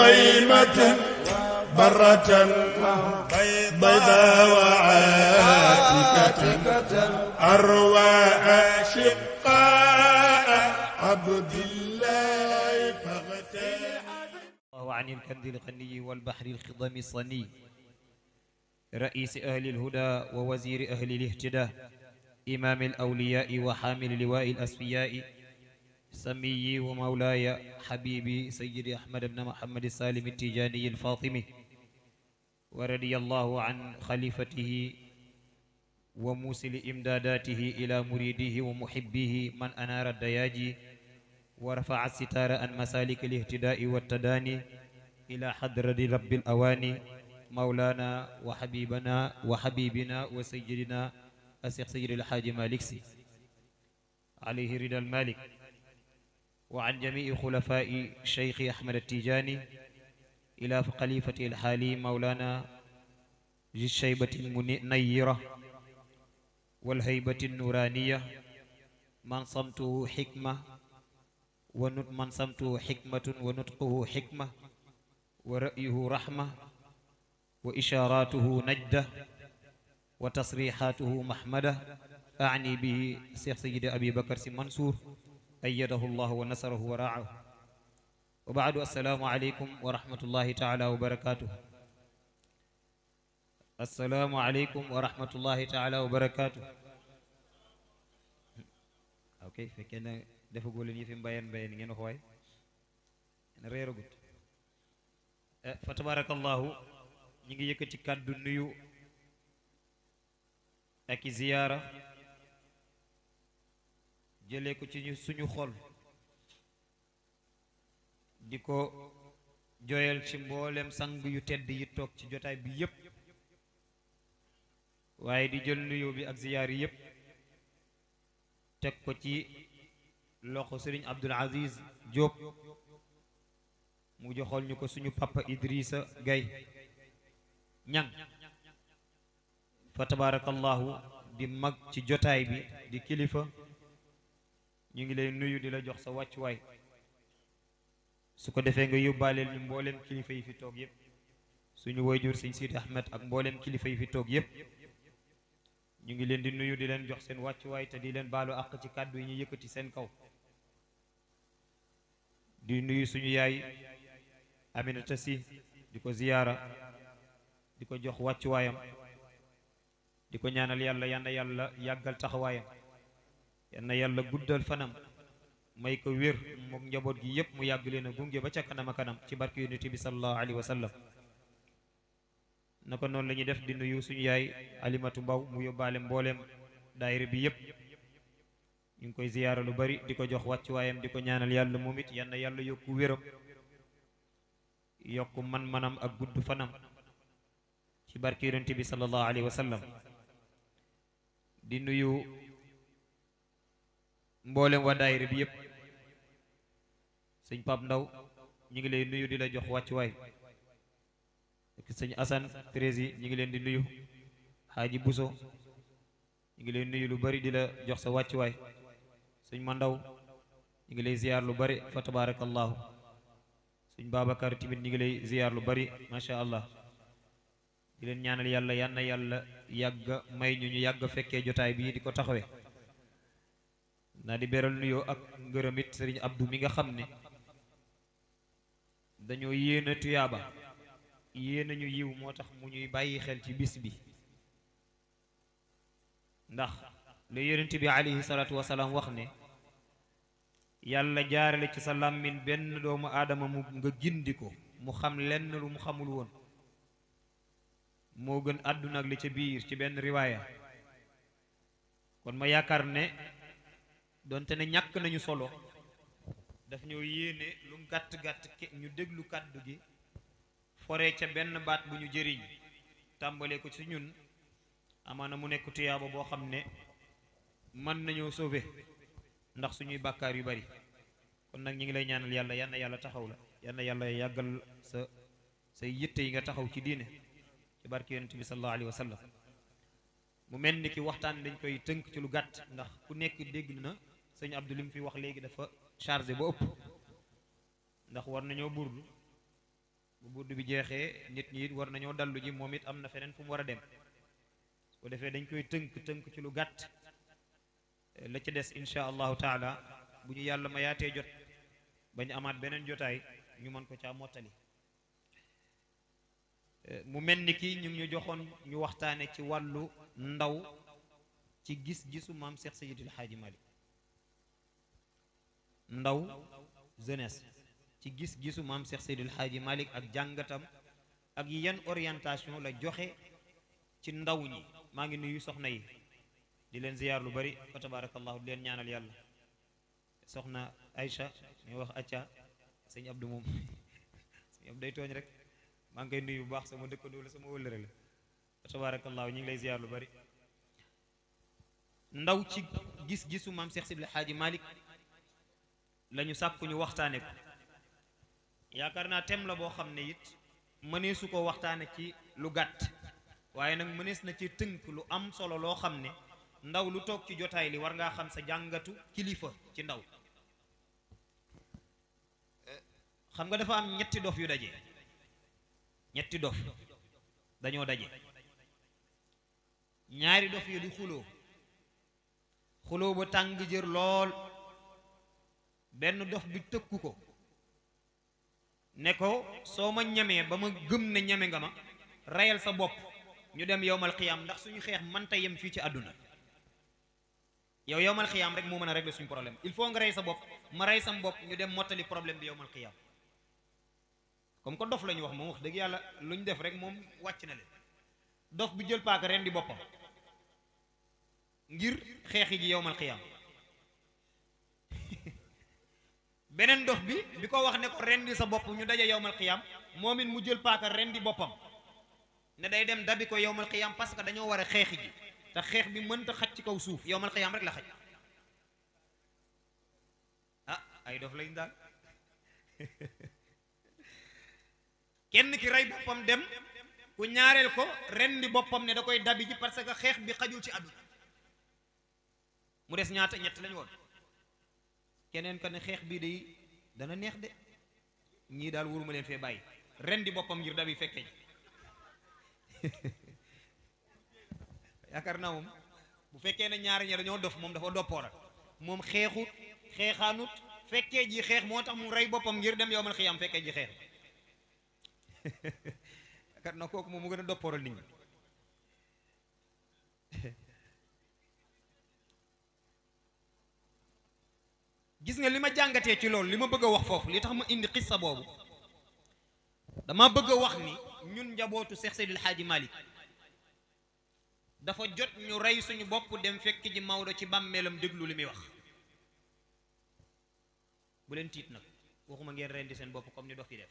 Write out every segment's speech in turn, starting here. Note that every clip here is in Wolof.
أميمة برة بيضاء وعاتكة أروى أشقاء عبد الله فاغتاب الله عن الكنز الغني والبحر الخضم الصني رئيس أهل الهدى ووزير أهل الاهتداء إمام الأولياء وحامل لواء الأسفياء سمي ومولاي حبيبي سيدي أحمد بن محمد السالم التيجاني الفاطمي ورضي الله عن خليفته وموسل إمداداته إلى مريده ومحبيه من أنار الدياجي ورفع الستار عن مسالك الاهتداء والتداني إلى حضرة رب الأواني مولانا وحبيبنا وحبيبنا وسيدنا الشيخ سيد الحاج مالك سي عليه رضا المالك wa an jamii xulafaa'i Cheikh Ahmed Tidiane ila xalifati alxaali mawlaana zi shaybati munayira wal haybati nuraaniya man samtuhu xikma wa nut man samtuhu xikmatun wa nutquhu xikma wa ra'yuhu rahma wa ishaaraatuhu najda wa tasriixaatuhu mahmada aani bihi Cheikh Seydi Abi Bakar Si Mansour أيده الله ونصره ورعاه وبعد السلام عليكم ورحمة الله تعالى وبركاته السلام عليكم ورحمة الله تعالى وبركاته أوكي فكنا دفقوا لي في بيان بيان ngeen wax waay na reeragut fa tabarakallahu ñi ngi yëkkati kàddu nuyu ak ziyaara jële ko ci suñu xol di ko joyal ci mboolem sang yu tedd yi toog ci jotaay bi yépp waaye di jël nuyoo bi ak ziyaar yépp teg ko ci loxo sëriñ Abdul Aziz Diop mu joxol ñu ko suñu papa Idrissa Gaye ñang fa tabarakallahu di mag ci jotaay bi di kilifa ñu ngi lay nuyu di la jox sa wàccuwaay su ko defee nga yóbbaaleel ñu mbooleem kilifa yi fi toog yépp suñu woyjur sëñ Sidi Ahmed ak mbooleem kilifa yi fi toog yépp ñu ngi leen di nuyu di leen jox seen wàccuwaay te di leen baalu àq ci kàddu yi ñu yëkkati seen kaw di nuyu suñu yaay Aminata Si di ko ziyaara di ko jox wàccuwaayam di ko ñaanal yàlla yàlla yàlla yàggal taxawaayam yal na yàlla guddal fanam may ko wér mook njaboot gi yëpp mu yàgg leen a gunge ba ca kanam kanam ci barke yonent bi sallallahu alayhi wa sallam naka noonu la ñuy def di nuyu suñu yaay alimatu mbaw mu yóbbaale mbooleem daayira bi yëpp ñu ngi koy ziyaara lu bari di ko jox wàccuwaayam di ko ñaanal yàlla moom it yal yàlla yokku wéram yokk man-manam ak gudd fanam ci barke yonent bi sallallahu alayhi wa di nuyu mboolem waa daayira bi yëpp sëñ Pape Ndaw ñu ngi lay nuyu di la jox wàccuwaay ak sëñ Assane Trési ñu ngi leen di nuyu Xaaji Buso ñu ngi lay nuyu lu bari di la jox sa wàccuwaay sëñ Mandaw ñu ngi lay ziyaar lu bari fa tabarakallahu sëñ Babacar timit ñu ngi lay ziyaar lu bari macha allah di leen ñaanal yàlla yal na yàlla yàgg may ñu ñu yàgg fekkee jotaay bii di ko taxawee naa di beral nuyoo ak ngërëm it sëriñ Abdou mi nga xam ne dañoo yéena tuyaaba yéena ñu yiw moo tax mu ñuy bàyyi xel ci bis bi ndax la yonent bi alayhi wax ne yàlla jaarale ci sa làmmiñ benn doomu aadama mu nga gindi mu xam lenn lu mu xamul woon moo gën àdduna li ca biir ci benn riwaaya kon ma yaakaar ne donte na ñàkk nañu solo daf ñoo yéene lu gàtt-gàtt ñu déglu kàddu gi foree ca benn baat bu ñu jëriñ tàmbalee ko ci ñun amaana mu nekk tuyaaba boo xam ne mën nañoo sauver ndax suñuy bàkkaar yu bari kon nag ñu ngi lay ñaanal yàlla yal yàlla taxaw la yal na yàlla yàggal sa say yitte yi nga taxaw ci diine ci barke yonent bi sallallahu alayhi wa mu mel ni ki waxtaan dañ koy tënk ci lu gàtt ndax ku nekk dégg na sëñ Abdou li mu fi wax léegi dafa chargé ba ëpp ndax war nañoo burdu bu burdu bi jeexee nit ñi it war nañoo dallu ji moom it am na feneen fu mu war a dem su defee dañ koy tënk tënk ci lu gàtt la ci des insha allahu taala bu ñu yàlla ma mayaatee jot ba amaat beneen jotaay ñu mën ko caa mottali mu mel ni ki ñu ngi ñu joxoon ñu waxtaane ci wàllu ndaw ci gis-gisu maam Cheikh Seydil Hadji Malick ndaw jeunesse ci gis-gisu maam seex Cheikh Seydil Hadji Malick ak jàngatam ak yan orientation la joxe ci ndaw ñi maa ngi nuyu soxna yi di leen ziyaar lu bari fa tabarakallahu di leen ñaanal yàlla soxna Aïcha ñu wax acca sëñ Abdou moom sëñ Abdou day tooñ rek maa ngi koy nuyu bu baax sama dëkkandoo la sama wëllëre la fa tabarakallahu ñu ngi lay ziyaar lu bari ndaw ci gis-gisu maam Cheikh Seydil Hadji Malick la ñu sàkku ñu waxtaane ko yaakaar naa thème la boo xam ne it mëneesu ko waxtaane ci lu gàtt waaye nag mënees na ci tënk lu am solo loo xam ne ndaw lu toog ci jotaay li war ngaa xam sa jàngatu kilifa ci ndaw xam nga dafa am ñetti dof yu daje ñetti dof dañoo daje ñaari dof yu di xuloo xuloo ba tàng jër lool benn dof bi tëkku ko ne ko soo ma ñamee ba ma gëm ne ñame nga ma reyal sa bopp ñu dem yowmal xiyaam ndax suñu xeex mënta yem fii ci àdduna yow yowmal xiyaam rek moo mën a régler suñu problème il faut nga rey sa bopp ma rey sam bopp ñu dem mottali problème bi yowmal xiyaam comme que dof la ñu wax moom wax dëgg yàlla lu ñu def rek moom wàcc na leen dof bi jël paaka ren di boppam ngir xeexi ji yowmal xiyaam beneen dox bi bi ko wax ne ko rendi sa bopp ñu daje yowmal xiyam moom it mu jël paaka rendi boppam ne day dem dabi ko yowmal xiyam parce que dañoo war a xeexi ji te xeex bi mënta xaj ci kaw suuf yowmal xiyam rek la xaj ah ay dof lañ daal kenn ki rey boppam dem ku ñaareel ko rendi boppam ne da koy dabi ji parce que xeex bi xajul ci àdduna mu des ñaata ñett lañu woon keneen ko ne xeex bii day dana neex de ñii daal wóoruma leen fee bàyyi ren di boppam ngir dabi fekke ji yaakaar naa moom bu fekkee ne ñaari ña dañoo dof moom dafa doppoorak moom xeexut xeexaanut fekkee ji xeex moo tax mu rey boppam ngir dem yow man xiyam fekkee ji xeex yaakaar naa kooku moom mu gën a doppooral nit ñi gis nga li ma jàngatee ci loolu li ma bëgg wax foofu li tax ma indi xissa boobu dama bëgg a wax ni ñun njabootu Seex Seydil Xaaji Malick dafa jot ñu rey suñu bopp dem fekk ji Maodo ci bàmmeelam déglu li muy wax bu leen tiit nag waxuma ngeen rendi seen bopp comme ni dof yi def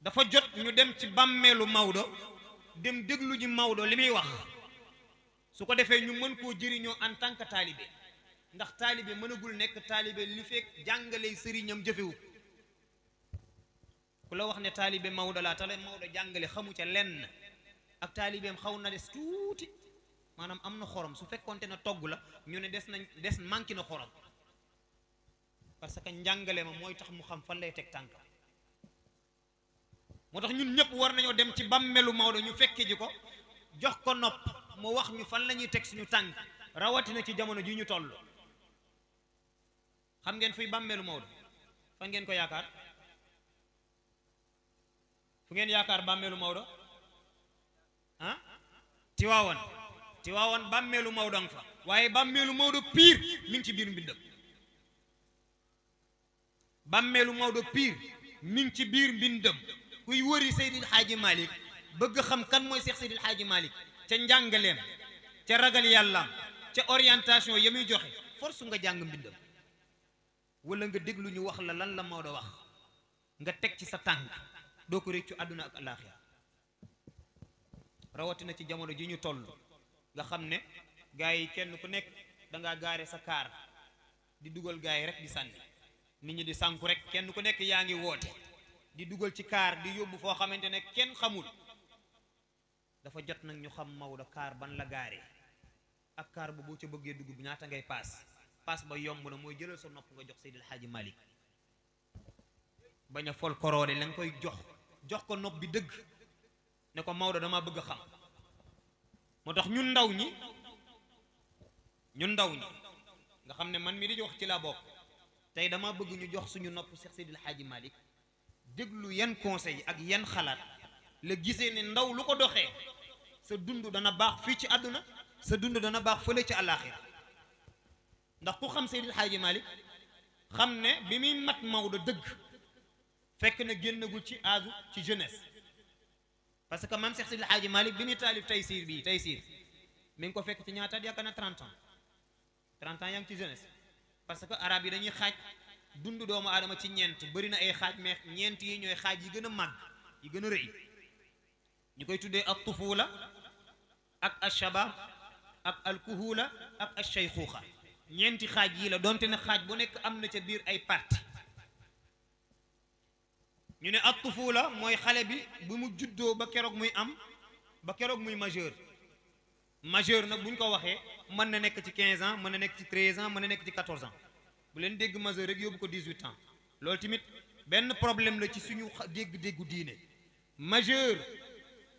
dafa jot ñu dem ci bàmmeelu Maodo dem déglu ji Maodo li muy wax su ko defee ñu mën koo jëriñoo en tant que taalibe ndax taalibe mënagul nekk taalibe li fekk jàngale sëriñam jëfewu ku la wax ne taalibe Maodo laa tale Maodo jàngale xamu ca lenn ak taalibeem xaw na des tuuti maanaam am na xorom su fekkoon te na togg la ñu ne des nañ des manqué na xorom parce que njàngale ma mooy tax mu xam fan lay teg tànk moo tax ñun ñëpp war nañoo dem ci bàmmelu Maodo ñu fekke ji ko jox ko nopp mu wax ñu fan la ñuy teg suñu tànk rawatina ci jamono ji ñu toll xam ngeen fuy bàmmeelu Maodo fan ngeen ko yaakaar fu ngeen yaakaar bàmmeelu Maodo ah Tiwaawan Tiwaawan bàmmeelu Maodo nga waaye bàmmeelu Maodo piir mi ci biir mbindam bàmmeelu Maodo piir mi ci biir mbindam kuy wëri Seydil Xaaji Malick bëgg xam kan mooy Seex Seydil Xaaji Malick ca njàngaleem ca ragal yàllaam ca orientation ya muy joxe force nga jàng mbindam wala nga déglu ñu wax la lan la Maodo wax nga teg ci sa tànk doo ko réccu àdduna ak alaaxira rawatina ci jamono ji ñu toll nga xam ne gaa yi kenn ku nekk dangaa gaare sa kaar di dugal gaa yi di sànni nit ñi di sànku rek kenn ku nekk yaa ngi woote di dugal ci kaar di yóbbu foo xamante ne kenn xamul dafa jot nag ñu xam Maodo kaar ban la gaare ak kaar bu boo ca bëggee dugg bu ñaata ngay paas paas ba yomb na mooy jëlal sa nopp nga jox Seydil Xaaji Malik bañ a fol koroode la koy jox jox ko nopp bi dëgg ne ko Maodo dama bëgg a xam moo tax ñun ndaw ñi ñun ndaw ñi nga xam ne man mi di wax ci laa bokk tey dama bëgg ñu jox suñu nopp Cheikh Seydil Hadji Malick déglu yan conseil ak yan xalaat la gisee ne ndaw lu ko doxee sa dund dana baax fii ci àdduna sa dund dana baax fële ci àllaaxira ndax ku xam Seydil Xaaji Malick xam ne bi muy mat Maodo dëgg fekk na génnagul ci âge ci jeunesse parce que man Seex Seydil Xaaji Malick bi muy taalif Taysiir bii Taysiir mi ngi ko fekk ci ñaataat yaakaar na 30 ans 30 yaa ngi ci jeunesse parce que arab yi dañuy xaaj dund doomu aadama ci ñeent bëri na ay xaaj mais ñeent yi ñooy xaaj yi gën a màgg yi gën a rëy ñu koy tuddee ak tufuula ak al shabaab ak al kuhuula ak al shayxuuxa ñeenti xaaj yii la donte na xaaj bu nekk am na ca biir ay parti ñu ne at la mooy xale bi bu mu juddoo ba keroog muy am ba keroog muy majeur majeur nag bu ñu ko waxee mën na nekk ci 15 ans mën na nekk ci 13 ans mën na nekk ci 14 ans bu leen dégg majeur rek yóbbu ko 18 ans loolu tamit benn problème la ci suñu dégg-déggu diine majeur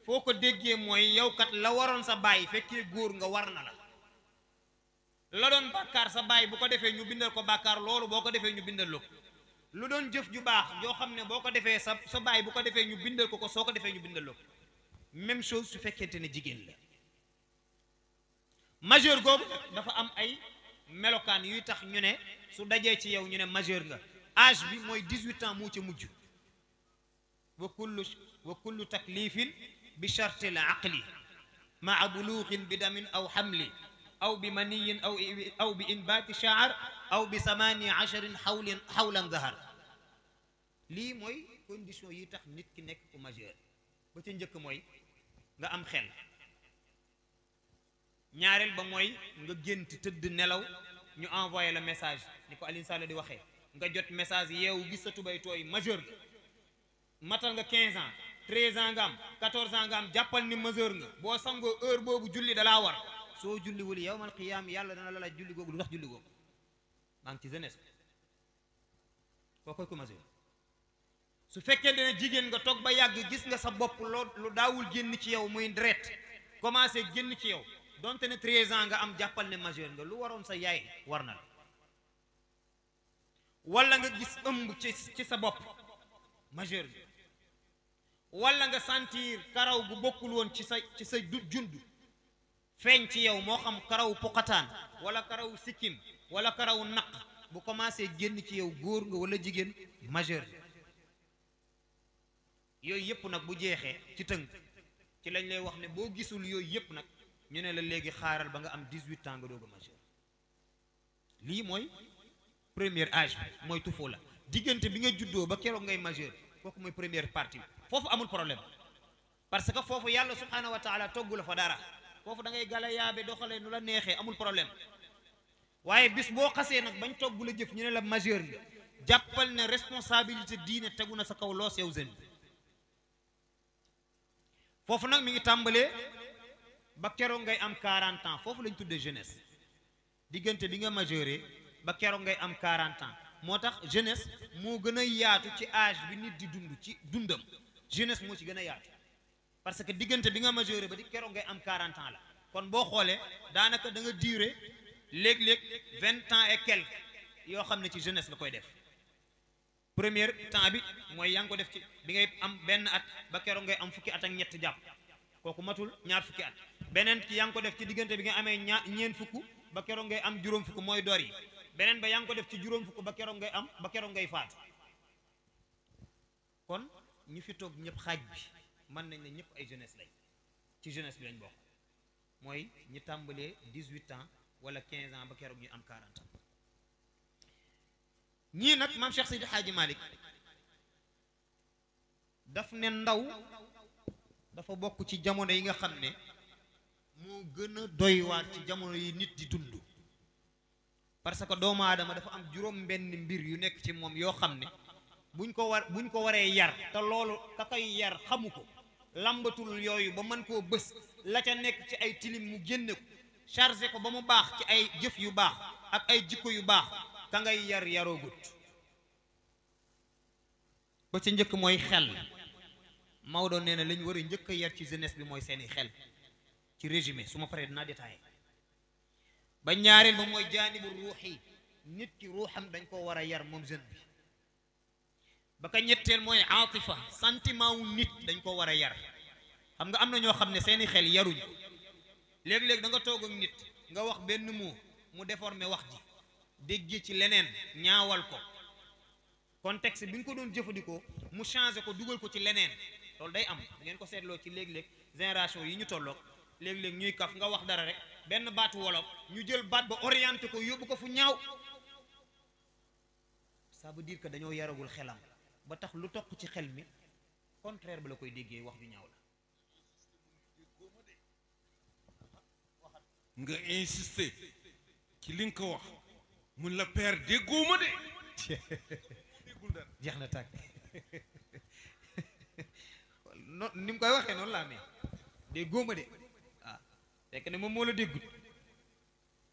foo ko déggee mooy yow la waroon sa bàyyi fekkee góor nga war na la la doon bàkkaar sa baay bu ko defee ñu bindal ko bàkkaar loolu boo ko defee ñu bindal lu lu doon jëf ju baax joo xam ne boo ko defee sa sa baay bu ko defee ñu bindal ko ko soo ko defee ñu bindal lu même chose su fekkente ne jigéen la majeur googu dafa am ay melokaan yuy tax ñu ne su dajee ci yow ñu ne majeur nga age bi mooy dix-huit ans moo ci mujj wa kullu wa kullu taklifin bi chartil aqli maa buluuxin bi damin aw xamli aw bi maniyin aw aw bi inbaati shaar aw bi samaani asharin xawlin xawlan zahar lii mooy condition yi tax nit ki nekk ko majeur ba ca njëkk mooy nga am xel ñaareel ba mooy nga gént tëdd nelaw ñu envoyé la message ni ko alinsale di waxee nga jot message yeewu gis tubay tooy majeur nga matal nga 15 ans 13 ans nga am 14 ans nga am jàppal ni majeur nga boo sangoo heure boobu julli dalaa war soo julliwul yawmal qiyaam yàlla dana la laaj julli googu lu tax julli googu maa ngi ci jeunesse koo koy commencé su fekkee ne jigéen nga toog ba yàgg gis nga sa bopp loo lu daawul génn ci yow muy deret commencé génn ci yow donte ne treize ans nga am jàppal ne majeur nga lu waroon sa yaay war na la wala nga gis ëmb ci ci sa bopp majeur nga wala nga sentir karaw gu bokkul woon ci sa ci sa jund feeñ ci yow moo xam karaw puqataan wala karawu sikkim wala karaw naq bu commencé génn ci yow góor nga wala jigéen majeur yooyu yëpp nag bu jeexee ci tënk ci lañ lay wax ne boo gisul yooyu yëpp nag ñu ne la léegi xaaral ba nga am dix-huit ans nga doog a majeur lii mooy premier âge mooy tufoo la diggante bi nga juddoo ba keroog ngay majeur kooku mooy première partie foofu amul problème parce que foofu yàlla subhaanahu wa toggu la fa dara foofu da ngay gala yaabe doxalee nu la neexee amul problème waaye bis boo xasee nag bañ togg la jëf ñu ne la majeur bi jàppal ne responsabilité diine tegu na sa kaw loo sew seen foofu nag mi ngi tàmbalee ba keroog ngay am 40 ans foofu lañ tuddee jeunesse diggante bi nga majeure ba keroog ngay am 40 ans moo tax jeunesse moo gën a yaatu ci âge bi nit di dund ci dundam jeunesse moo ci gën a yaatu parce que diggante bi nga major ba di keroog ngay am 40 ans la kon boo xoolee daanaka da nga duré léeg-léeg vingt ans et quelque yoo xam ne ci jeunesse nga koy def première temps bi mooy yaa ngi ko def ci bi nga ngay am benn at ba keroog ngay am fukki at ak ñett jàpp kooku matul ñaar fukki at beneen ki yaa ko def ci diggante bi nga amee ñaar ñeen fukk ba keroog ngay am juróom fukk mooy dor yi beneen ba yaa ko def ci juróom fukk ba keroog ngay am ba keroog ngay faatu kon ñu fi toog ñëpp xaaj bi mën nañ ne ñëpp ay jeunesse lañ ci jeunesse bi lañ bokk mooy ñi tàmbalee dix-huit ans wala quinze ans ba keroog ñu am quarante ñii nag maam Cheikh Seydi Hadji Malick daf ne ndaw dafa bokk ci jamono yi nga xam ne moo gën a doy ci jamono yi nit di dund parce que doomu aadama dafa am juróom mbir yu nekk ci moom yoo xam ne buñ ko war buñ ko waree yar te loolu ka koy yar xamu ko làmbatul yooyu ba mën koo bës la ca nekk ci ay tilim mu génne ko chargé ko ba mu baax ci ay jëf yu baax ak ay jikko yu baax ka ngay yar yaroogut ba ca njëkk mooy xel Maodo nee na lañ war a njëkk yar ci jeunesse bi mooy seeni xel ci résumé su ma paree dinaa détaillé ba ñaareel ba mooy jaanibu ruux yi nit ki ruuxam dañ koo war a yar moom jeune bi ba ka ñetteel mooy aatifa santiment wu nit dañ ko war a yar xam nga am na ñoo xam ne seeni xel yaruñ léeg-léeg da nga toog ak nit nga wax benn mot mu déformé wax ji déggee ci leneen ñaawal ko contexte bi nga ko doon jëfandikoo mu changé ko dugal ko ci leneen loolu day am ngeen ko seetloo ci léeg-léeg génération yi ñu tollook léeg-léeg ñuy kaf nga wax dara rek benn baatu wolof ñu jël baat ba orienté ko yóbbu ko fu ñaaw ça diir dire dañoo yaragul xelam ba tax lu toq ci xel mi contraire bi la koy déggee wax ju ñaaw la nga insister ci li nga ko wax mun la per déggoo ma de jeex na tàkk non ni mu koy waxee noonu laa amee déggoo ma de waaw ah, fekk ne moom moo la déggut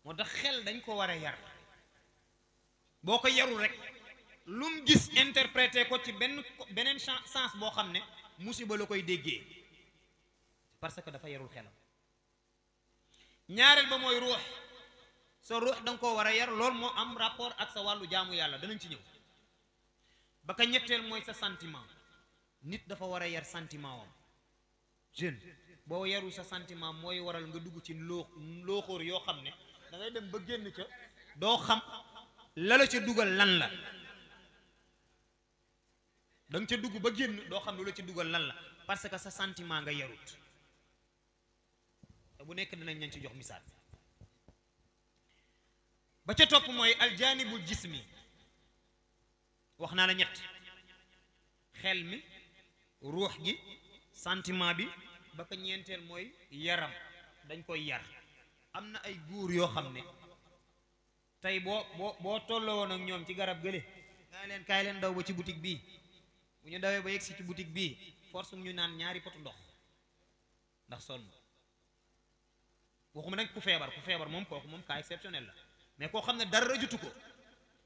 moo tax xel dañ ko war a yar boo ko yarul rek lu mu gis interprété ko ci benn beneen sens boo xam ne musiba la koy déggee parce que dafa yarul xelam ñaareel ba mooy ruux sa ruux da nga war a yar loolu moo am rapport ak sa wàllu jaamu yàlla danañ ci ñëw ba ka ñetteel mooy sa santiment nit dafa war a yar santiment wam jeune boo yarul sa santiment mooy waral nga dugg ci loo loo looxóor yoo xam ne da ngay dem ba génn ca doo xam la la ca dugal lan la da nga ca dugg ba génn doo xam lu la ca dugal lan la parce que sa sentiment nga yarut te bu nekk dinañ leen ci jox misaal ba ca topp mooy aljaanibul jismi wax naa la ñett xel mi ruux gi santiment bi ba ko ñeenteel mooy yaram dañ koy yar am na ay góor yoo xam ne tey boo boo boo tolloo woon ak ñoom ci garab gële kaay leen kaay leen daw ba ci boutique bii bu ñu dawee ba yegg si ci boutique bii force ñu naan ñaari potu ndox ndax sonn waxuma nag ku feebar ku feebar moom kooku moom kaa exceptionnel la mais koo xam ne dara jutu ko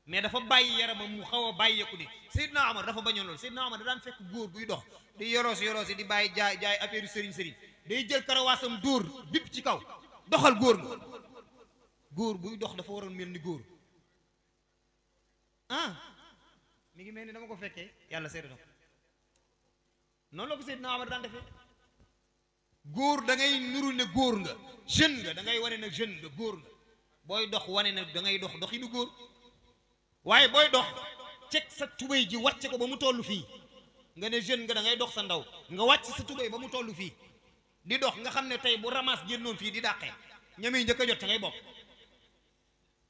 mais dafa bàyyi yaram yaramam mu xaw a bàyyeeku ni naa Omar dafa bañoon loolu Seydina Omar da daan fekk góor buy dox di yoroosi yoroosi di bàyyi jaay jaay affaire yu sëriñ day jël karawaasam dóor bipp ci kaw doxal góor nga góor buy dox dafa waroon mel ni góor ah mi ngi mel ni dama ko fekkee yàlla seetlu na noonu la ko Seydina ma daan defee góor da ngay nuru ne góor nga jeune nga da ngay wane ne jeune nga góor nga booy dox wane na da ngay dox doxinu góor waaye booy dox ceg sa tubéy ji wàcce ko ba mu toll fii nga ne jeune nga da ngay dox sa ndaw nga wàcc sa tubéy ba mu toll fii di dox nga xam ne tey bu ramas génnoon fii di dàqee ñami njëkk jot ca ngay bopp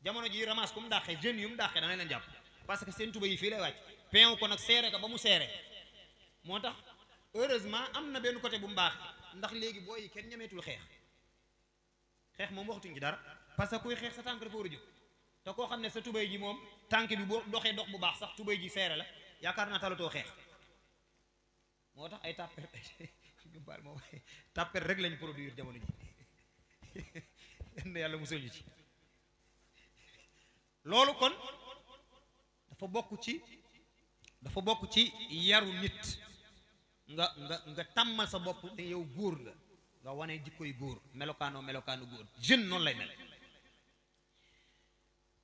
jamono ji ramas ku mu dàqee jeune yu mu dàqee da ngay leen jàpp parce que seen tubéy yi fii lay wàcc peew ko nag seere ko ba mu seere moo tax heureusement am na benn côté bu mu baax ndax léegi booy yi kenn ñameetul xeex xeex moom waxtuñ ci dara parce que kuy xeex sa tànk dafa war te koo xam ne sa tubay ji moom tànk bi boo doxee dox bu baax sax tubay ji seere la yaakaar naa talatoo xeex moo tax ay tàppel baal moom rek lañu produire jamono ji yenn yàlla musal ñu ci loolu kon dafa bokk ci dafa bokk ci yaru nit nga nga nga tàmmal sa bopp ne yow góor nga nga wane jikkoy góor melokaano melokaanu góor jeune noonu lay mel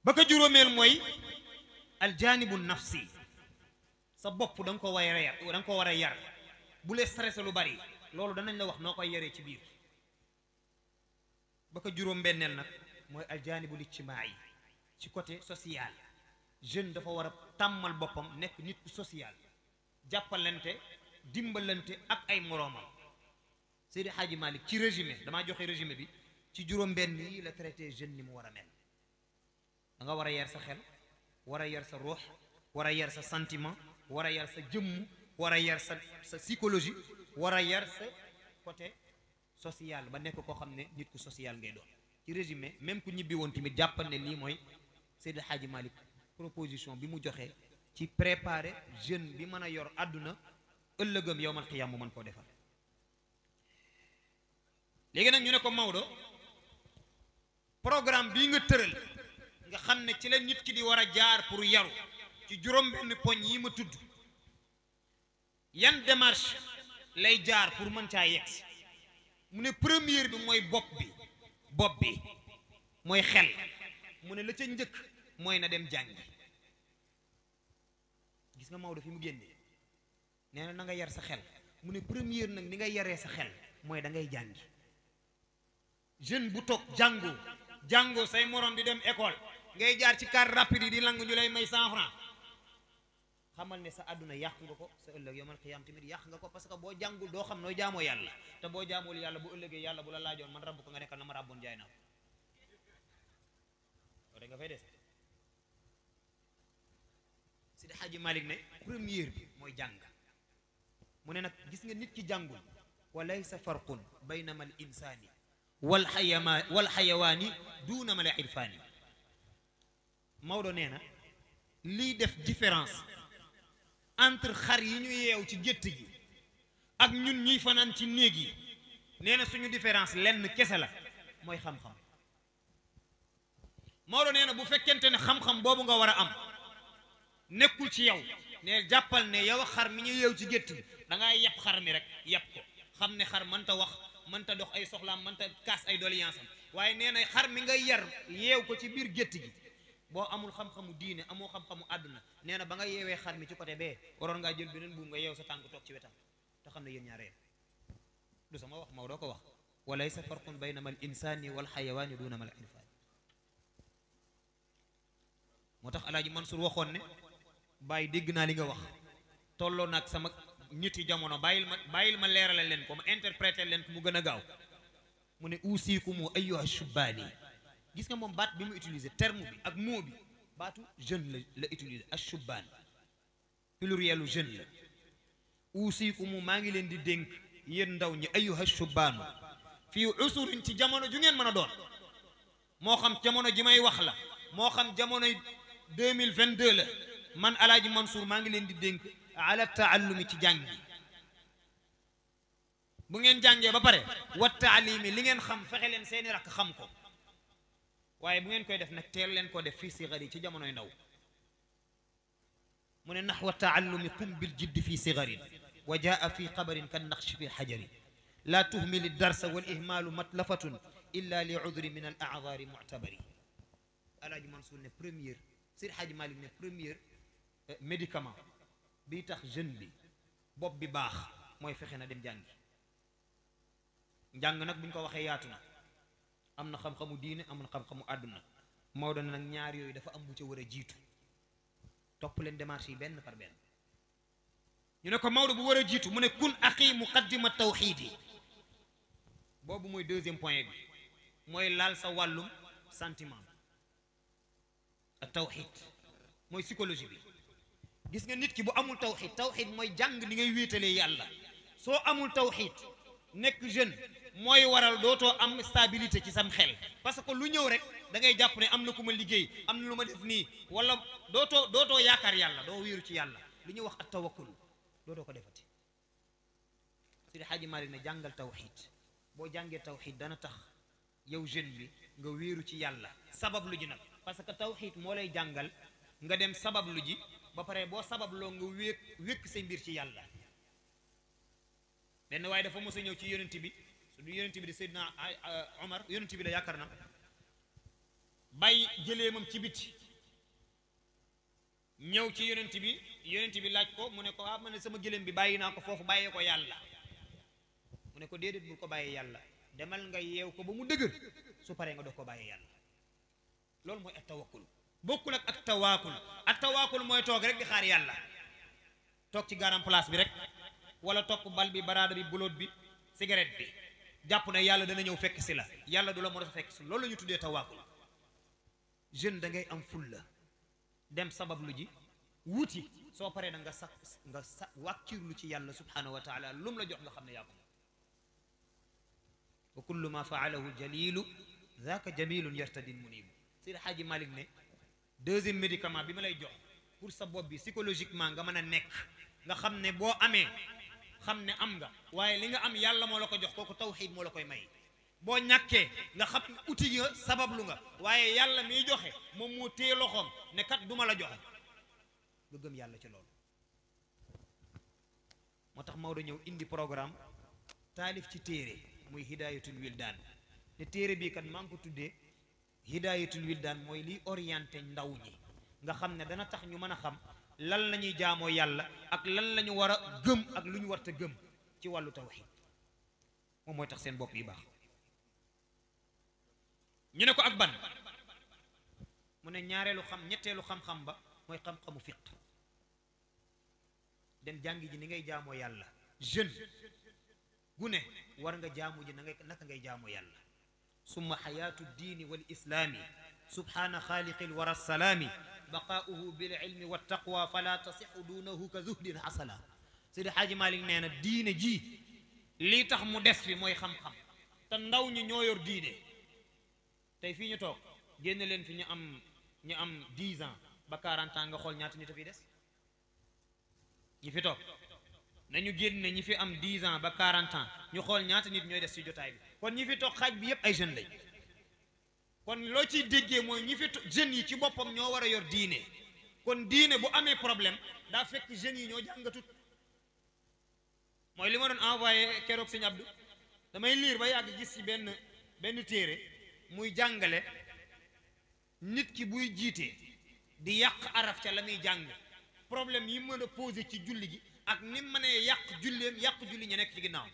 ba ko juróomeel mooy aljaanibu nafsi sa bopp da ko war a yar war a yar bu lee stressé lu bari loolu danañ la wax noo koy yaree ci biir ba ko juróom benneel nag mooy aljaanibu lictimaa yi ci côté social jeune dafa war a tàmmal boppam nekk nit ku social jàppalante dimbalante ak ay moroomam Seydi Hadji Malick ci résumé damaa joxe résumé bi ci juróom-benn yi la traité jeune ni mu war a mel da nga war a yar sa xel war a yar sa ruux war a yar sa sentiment war a yar sa jëmm war a yar sa sa psychologie war a yar sa côté social ba nekk koo xam ne nit ku social ngay doon ci résumé même ku ñibbi woon tamit jàppal ne lii mooy Seydi Hadji Malick proposition bi mu joxe ci préparer jeune bi mën a yor àdduna ëllëgëm yowmal xiyaam mu mën koo defal léegi nag ñu ne ko Maodo programme bii nga tëral nga xam ne ci la nit ki di war a jaar pour yaru ci juróom benn poñ yi ma tudd yan démarche lay jaar pour mën caa yegsi mu ne première bi mooy bopp bi bopp bi mooy xel mu ne la ca njëkk mooy na dem jàngi gis nga Maodo fi mu génnee nee na na nga yar sa xel mu ne première nag ni ngay yaree sa xel mooy dangay ngay jàngi jeune bu toog jàngoo jàngoo say morom di dem école ngay jaar ci car rapide yi di lang ñu lay may cent franc xamal ne sa àdduna yàq nga ko sa ëllëg yomal xiyaam tamit yàq nga ko parce que boo jàngul doo xam nooy jaamoo yàlla te boo jaamool yàlla bu ëllëgee yàlla bu la laajoon man rabb ko nga nekk na ma ràbboon jaay naa ko nga fay des Sidi Hadji ne première bi mooy jàng mu ne nag gis nga nit ki jàngul wa laysa farqun baynama al insaani wal xayama wal xayawaani duuna ma la irfaani Maodo nee na liy def différence entre xar yi ñu yeew ci gétt gi ak ñun ñuy fanaan ci néeg yi nee na suñu différence lenn kese la mooy xam-xam Maodo nee na bu fekkente ne xam-xam boobu nga war a am nekkul ci yow ne jàppal ne yow xar mi ñu yeew ci gétt gi da ngaa yàpp xar mi rek yàpp ko xam ne xar mënta wax manta dox ay soxlaam manta kaas ay doléance am waaye nee na xar mi nga yar yeew ko ci biir gétt gi boo amul xam-xamu diine amoo xam-xamu àdduna nee na ba nga yeewee xar mi ci côté bee waroon ngaa jël beneen buum nga yeew sa tànk toog ci wetam te xam ne yéen ñaareel du sama wax ma Maodo ko wax wa laysa farqun baynama al insani wal xayawaani dunama al infaani moo tax alaaji Mansour waxoon ne bàyyi dégg naa li nga wax tolloo naag sama nit yi jamono bàyyil ma bàyyil ma leerale leen ko ma interpréter leen ko mu gën a gaaw mu ne usiikumu ayyuha shubbaani gis nga moom baat bi mu utiliser terme ak mot bi baatu jeune la la utiliser ashubbaan plurielu jeune la usiikumu maa ngi leen di dénk yéen ndaw ñi ayyuha shubbaanu fii usurin ci jamono ju ngeen mën a doon moo xam jamono ji may wax la moo xam jamonoy deux mille vingt-deux la man alaaji Mansour maa ngi leen di dénk ala taallumi ci jàng bi bu ngeen jàngee ba pare wa taalimi li ngeen xam fexe leen seeni rakk xam ko waaye bu ngeen koy def nag teel leen ko def fii sigari ci jamonoy ndaw mu ne naxwa taallumi qum bil jiddi fii sigarin wa jaa fi qabarin kan naqsh fi xajari laa tuhmili darsa wal ihmaalu matlafatun illa li udri min al aadaari muctabari alaaji Mansour ne première Seydi Haaji Malik ne première eh, médicament bii tax jeune bi bopp bi baax mooy fexe na dem jàngi njàng nag bu ñu ko waxee yaatu na am na xam-xamu diine am na xam-xamu àdduna Maodo nag ñaar yooyu dafa am bu ca war a jiitu topp leen démarche yi benn par benn ñu ne ko Maodo bu war a jiitu mu ne kun axi muqaddima tawxiid yi boobu mooy deuxième point bi mooy laal sa wàllum sentiment ak tawxiid mooy psychologie bi gis nga nit ki bu amul tawxid tawxid mooy jàng ni ngay wéetalee yàlla soo amul tawxid nekk jeune mooy waral dootoo am stabilité ci sam xel parce que lu ñëw rek da ngay jàpp ne am na ku ma liggéey am na lu ma def nii wala dootoo dootoo yaakaar yàlla doo wéeru ci yàlla lu ñuy wax at tawakkul dootoo ko defati Sidi Xaaji Maalik ne jàngal tawxid boo jàngee tawxid dana tax yow jeune bi nga wéeru ci yàlla sabab lu ji nag parce que tawxid moo lay jàngal nga dem sabab ji ba pare boo sababloo nga wékk wékk say mbir ci yàlla benn waaye dafa mos a ñëw ci yonent bi su du yonent bi di Seydina euh, Omar yonent bi la yaakaar na bàyyi jëleemam ci biti ñëw ci yonent bi yonent bi laaj ko mu ne ko ah man ne sama jëleem bi bàyyi naa ko foofu bàyyee ko yàlla mu ne ko déedéet bul ko bàyyee yàlla demal nga yeew ko ba mu dëgër su paree nga dox ko bàyyee yàlla loolu mooy at tawakkul bokkul ak ak tawaakul ak tawaakul mooy toog rek di xaar yàlla toog ci garam place bi rek wala topp bal bi baraada bi buloot bi cigarette bi jàpp na yàlla dana ñëw fekk si la yàlla du la mën a fekk si loolu la ñu tuddee tawaakul jeune da ngay am fulla dem sabab lu ji wuti soo paree na nga sa nga sa ci yàlla subhaanahu wa taala la jox nga xam ne yaa ko wa kullu ma faalahu jalilu zaaka jamilun yartadin munibu sida xaaji malik ne deuxième médicament bi ma lay jox pour sa bopp bi psychologiquement nga mën a nekk nga xam ne boo amee xam ne am nga waaye li nga am yàlla moo la ko jox kooku tawxiid moo la koy may boo ñàkkee nga xam uti nga sabablu nga waaye yàlla miy joxe moom moo téye loxoom ne kat du ma la joxe nga gëm yàlla ci loolu moo tax Maodo ñëw indi programme taalif ci téere muy hidayatul wildaan ne téere bii kat maa ngi ko tuddee hidayatul daan mooy liy orienté ndaw ñi nga xam ne dana tax ñu mën a xam lan la ñuy jaamoo yàlla ak lan la ñu war a gëm ak lu ñu war ta gëm ci wàllu tawxid moom mooy tax seen bopp yi baax ñu ne ko ak ban mu ne ñaareelu xam ñetteelu xam-xam ba mooy xam-xamu fiq dem jàngi ji ni ngay jaamoo yàlla jeune gu war nga jaamu ji na ngay naka ngay jaamoo yàlla summa xayaatu diini wal islaami subhaana xaaliqil wara salaami baqaa'uhu bil ilmi wa taqwa fala tasixu duunahu ka zuhdil xasala Seydi Xaaji Maalik nee na diine ji li tax mu des fi mooy xam-xam te ndaw ñi ñoo yor diine tey fii ñu toog génn leen fi ñu am ñu am 10 ans ba 40 ans nga xool ñaata ñu fi des ñi fi toog nañu génn ñi fi am 10 ans ba 40 ñu xool ñaata nit ñooy des ci jotaay bi kon ñi fi toog xaaj bi yëpp ay jeunes lañ kon loo ci déggee mooy ñi fi jeunes yi ci boppam ñoo war a yor diine kon diine bu amee problème daa fekk jeunes yi ñoo jàngatut mooy li ma doon envoyé keroog sëñ Abdou damay liir ba yàgg gis ci benn benn téere muy jàngale nit ki buy jiitee di yàq araf ca la muy jàng problème yi mën a posé ci julli gi ak ni mu mënee yàq julleem yàq julli ñu nekk ci ginnaaw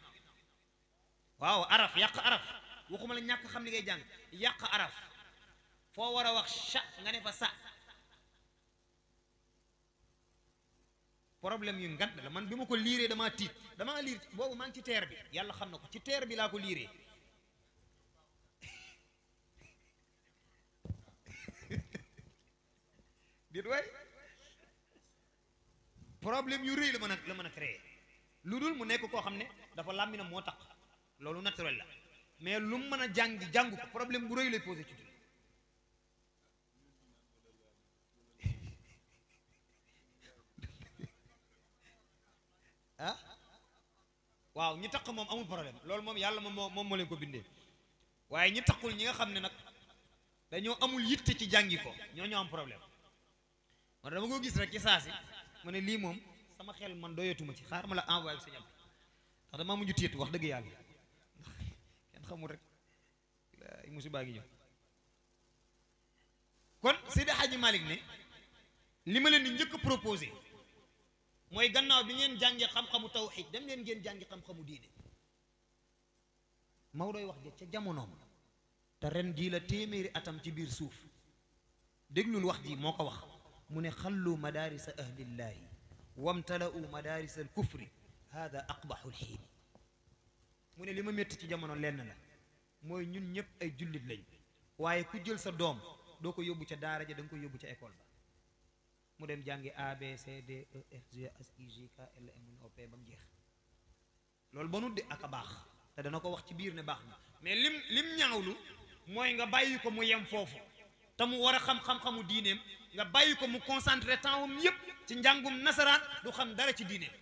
waaw araf yàq araf waxuma la ñàkk xam li ngay jàng yàq araf foo war a wax sha nga ne fa sa problème yu ngan la man bi ma ko liiree damaa tiit damaa liir boobu man ci teer bi yàlla xam na ko ci teer bi laa ko liiree dit waay problème yu rëy la mën a la mën a créer lu dul mu nekk koo xam ne dafa làmminam moo tax loolu naturel la mais lu mu mën a jàng jàngu ko problème bu rëy lay posé ci dund ah waaw ñi taq moom amul problème loolu moom yàlla moom moom moo leen ko bindee waaye ñi taqul ñi nga xam ne nag dañoo amul yitte ci jàngi ko ñoo ñoo am problème man dama koo gis rek ci saa si ma ne lii moom sama xel man doyatuma ci xaar ma la envoyé bi sa ñam ndax dama tiit wax dëgg yàlla xamul rek ay musiba gi ñëw kon Seydi Hadji ne li ma leen di njëkk proposé mooy gannaaw bi ngeen jàngee xam-xamu tawxid dem leen ngeen jàngi xam-xamu diine Maodo doy wax de ca jamonoom te ren giila la téeméeri atam ci biir suuf déglul wax ji moo ko wax mu ne xallu madarisa ahlillahi wamtalau madarisa alkufri hada aqbaxu lxiin mu ne li ma métti ci jamono lenn la mooy ñun ñëpp ay jullit lañ waaye ku jël sa doom doo ko yóbbu ca daara ja da nga ko yóbbu ca école ba mu dem jàngi A B C D E F G H ba mu jeex loolu ba nu de ak a baax te dana ko wax ci biir ne baax na mais lim lim ñaawlu mooy nga bàyyi ko mu yem foofu te mu war a xam-xam-xamu diineem nga bàyyi ko mu concentré temps wam yëpp ci njàngum nasaraan du xam dara ci diineem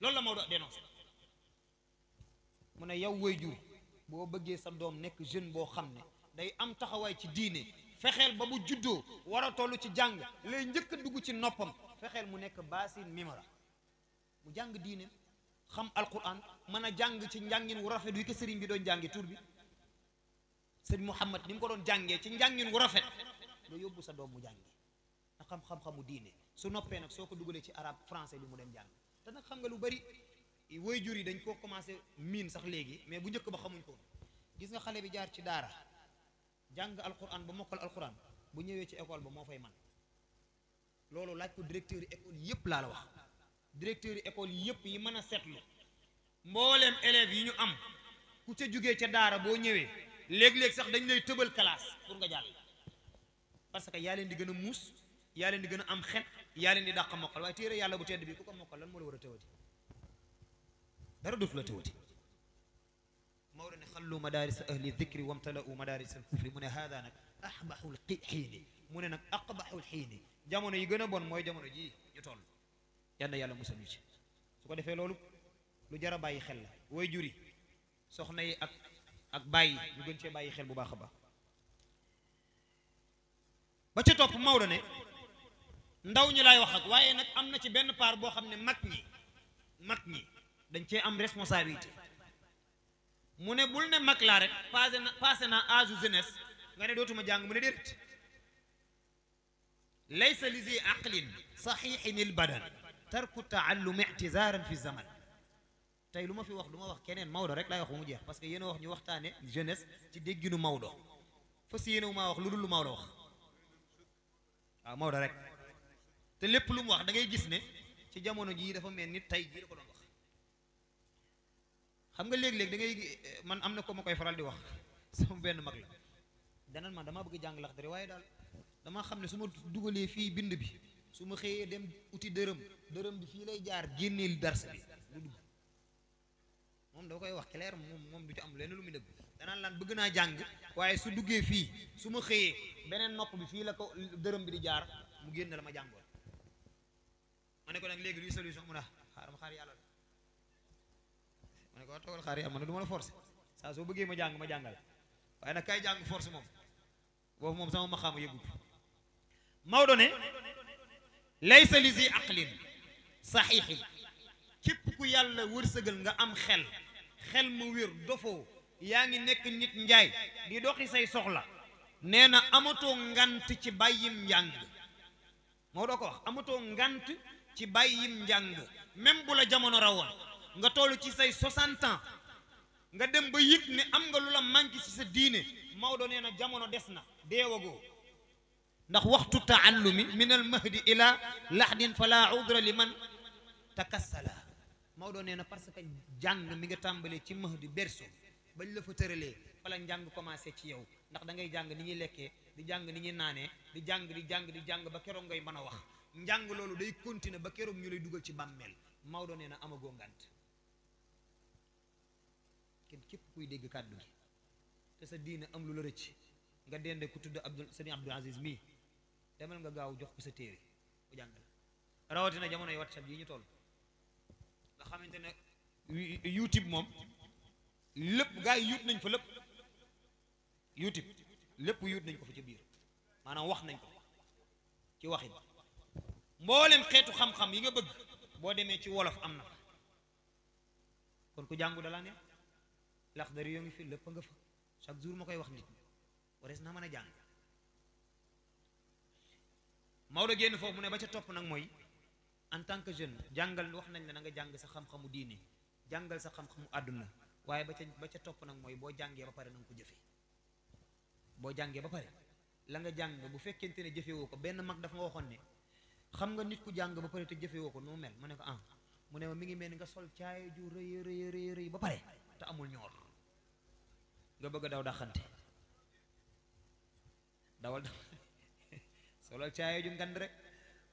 loolu la Maodo dénoncé mu ne yow waajur boo bëggee sa doom nekk jeune boo xam ne day am taxawaay ci diine fexeel ba mu juddoo war a toll ci jàng lay njëkk dugg ci noppam fexeel mu nekk baasin mimara mu jàng diine xam alquran mën a jàng ci njàngin wu rafet wi ko sëriñ doon jàngi tur bi sëñ Mouhamad ni mu ko doon jàngee ci njàngin wu rafet nga yóbbu sa doom mu jàngee na xam-xam-xamu diine su noppee nag soo ko duggalee ci arabe français bi mu dem jàng te nag xam nga lu bari woy jur yi dañ koo commencé miin sax léegi mais bu njëkk ba xamuñ ko gis nga xale bi jaar ci daara jàng alquran ba mokkal alquran bu ñëwee ci école ba moo fay man loolu laaj ko directeur yi école yëpp laa la wax directeur yi école yëpp yi mën a seetlu mbooleem élèves yi ñu am ku ca jógee ca daara boo ñëwee léeg-léeg sax dañ lay tëbal classe pour nga jàll parce que yaa leen di gën a muus yaa leen di gën a am xel yaa leen di dàq mokkal waaye téere yàlla bu tedd bi ku war a tëwati dara dootu la tawati Maodo ne xallu madaarisa ahli dikri wamtalau madaarisa kufri mu ne haada nag axbaxul xiini mu ne nag aqbaxul xiini jamono yi gën a bon mooy jamono ji ñu toll yal na yàlla musal ñu ci su ko defee loolu lu jar a bàyyi xel la way juri soxna yi ak ak bàyyi ñu gën cee bàyyi xel bu baax a baax ba ci topp Maodo ne ndaw ñi lay wax ak waaye nag am na ci benn paar boo xam ne mag ñi ñi dañ cee am responsabilité mu ne bul ne mag laa rek na passé na âge jeunesse nga ne dootuma jàng mu ne déet laysa li zi aqlin saxiixin il badan tarku taallum ictisaaran fi zaman tey lu ma fi wax lu ma wax keneen Maodo rek laay wax mu jeex parce que yéen a wax ñu waxtaane jeunesse ci dégginu Maodo fa si yéen a maa wax lu dul lu Maodo wax waaw ah, Maodo rek te lépp lu mu wax da ngay gis ne ci jamono jii dafa mel ni tey jii da ko doon xam nga léeg-léeg dangay man am na ko ma koy faral di wax sama benn mag la danañ man dama bëgg jàng laxdari waaye daal damaa xam ne su ma dugalee fii bind bi su ma xëyee dem uti dërëm dërëm bi fii lay jaar génneel dars bi mu da koy wax clair moom moom du ci am lenn lu muy dëgg danaan laan bëgg naa jàng waaye su duggee fii su ma xëyee beneen nopp bi fii la ko dërëm bi di jaar mu génn la ma jàngoon ma ne ko nag léegi luy solution mun a xaaram xaar yàlla ma ne ko waa toogal xaar yàlla saa soo bëggee ma jàng ma jàngal waaye nag kay jàng force moom boobu moom sama maxaama yëgut Maodo ne laysa li zi aqlin saxiixi képp ku yàlla wërsëgal nga am xel xel mu wér dofoo yaa ngi nekk nit njaay di doxi say soxla nee na amatoo ngant ci bàyyim njàng Maodo ko wax amatoo ngant ci bàyyim njàng même bu la jamono rawoon nga toll ci say 60 ans nga dem ba yëg ne am nga lu la manqué ci sa diine Maodo nee na jamono des na deewagoo ndax waxtu taallumi min al mahdi ila lahdin laa udra li man takassala Maodo nee na parce que jàng mi nga tàmbalee ci mahdi berso bañ la fa tëralee fala njàng commencé ci yow ndax da ngay jàng ni ñuy lekkee di jàng ni ñuy naanee di jàng di jàng di jàng ba keroog ngay mën a wax njàng loolu day continuer ba keroog ñu lay dugal ci bàmmeel Maodo nee na amagoo kenn képp kuy dégg kàddu gi te sa diina am lu la rëcc nga dend ku tudd Abdul Sëriñ Abdul Aziz mii demal nga gaaw jox ko sa téere bu jàngal rawatina jamonoy WhatsApp yi ñu toll nga xamante ne YouTube moom lépp gaa yi yuut nañ fa lépp YouTube yuut nañ ko fa ci biir maanaam wax nañ ko ci waxin mboolem xeetu xam-xam yi nga bëgg boo demee ci wolof am na kon ku jàngu dalaa ne laxdari yoo ngi fi lépp nga fa chaque jour ma koy wax nit ñi warees mën a jàng Maodo génn foofu mu ne ba ca topp nag mooy en tant que jeune jàngal wax nañ la na nga jàng sa xam-xamu diine jàngal sa xam-xamu àdduna waaye ba ca ba ca topp nag mooy boo jàngee ba pare na nga ko jëfe boo jàngee ba pare la nga jàng bu fekkente ne jëfewoo ko benn mag dafa nga waxoon ne xam nga nit ku jàng ba pare te jëfewoo ko nu mu mel mu ne ko ah mu ne ma mi ngi mel ni nga sol caay ju rëy rëy rëy rëy ba pare te amul ñoor nga bëgg a daw daxante dawal daw solo caayo ju ngand rek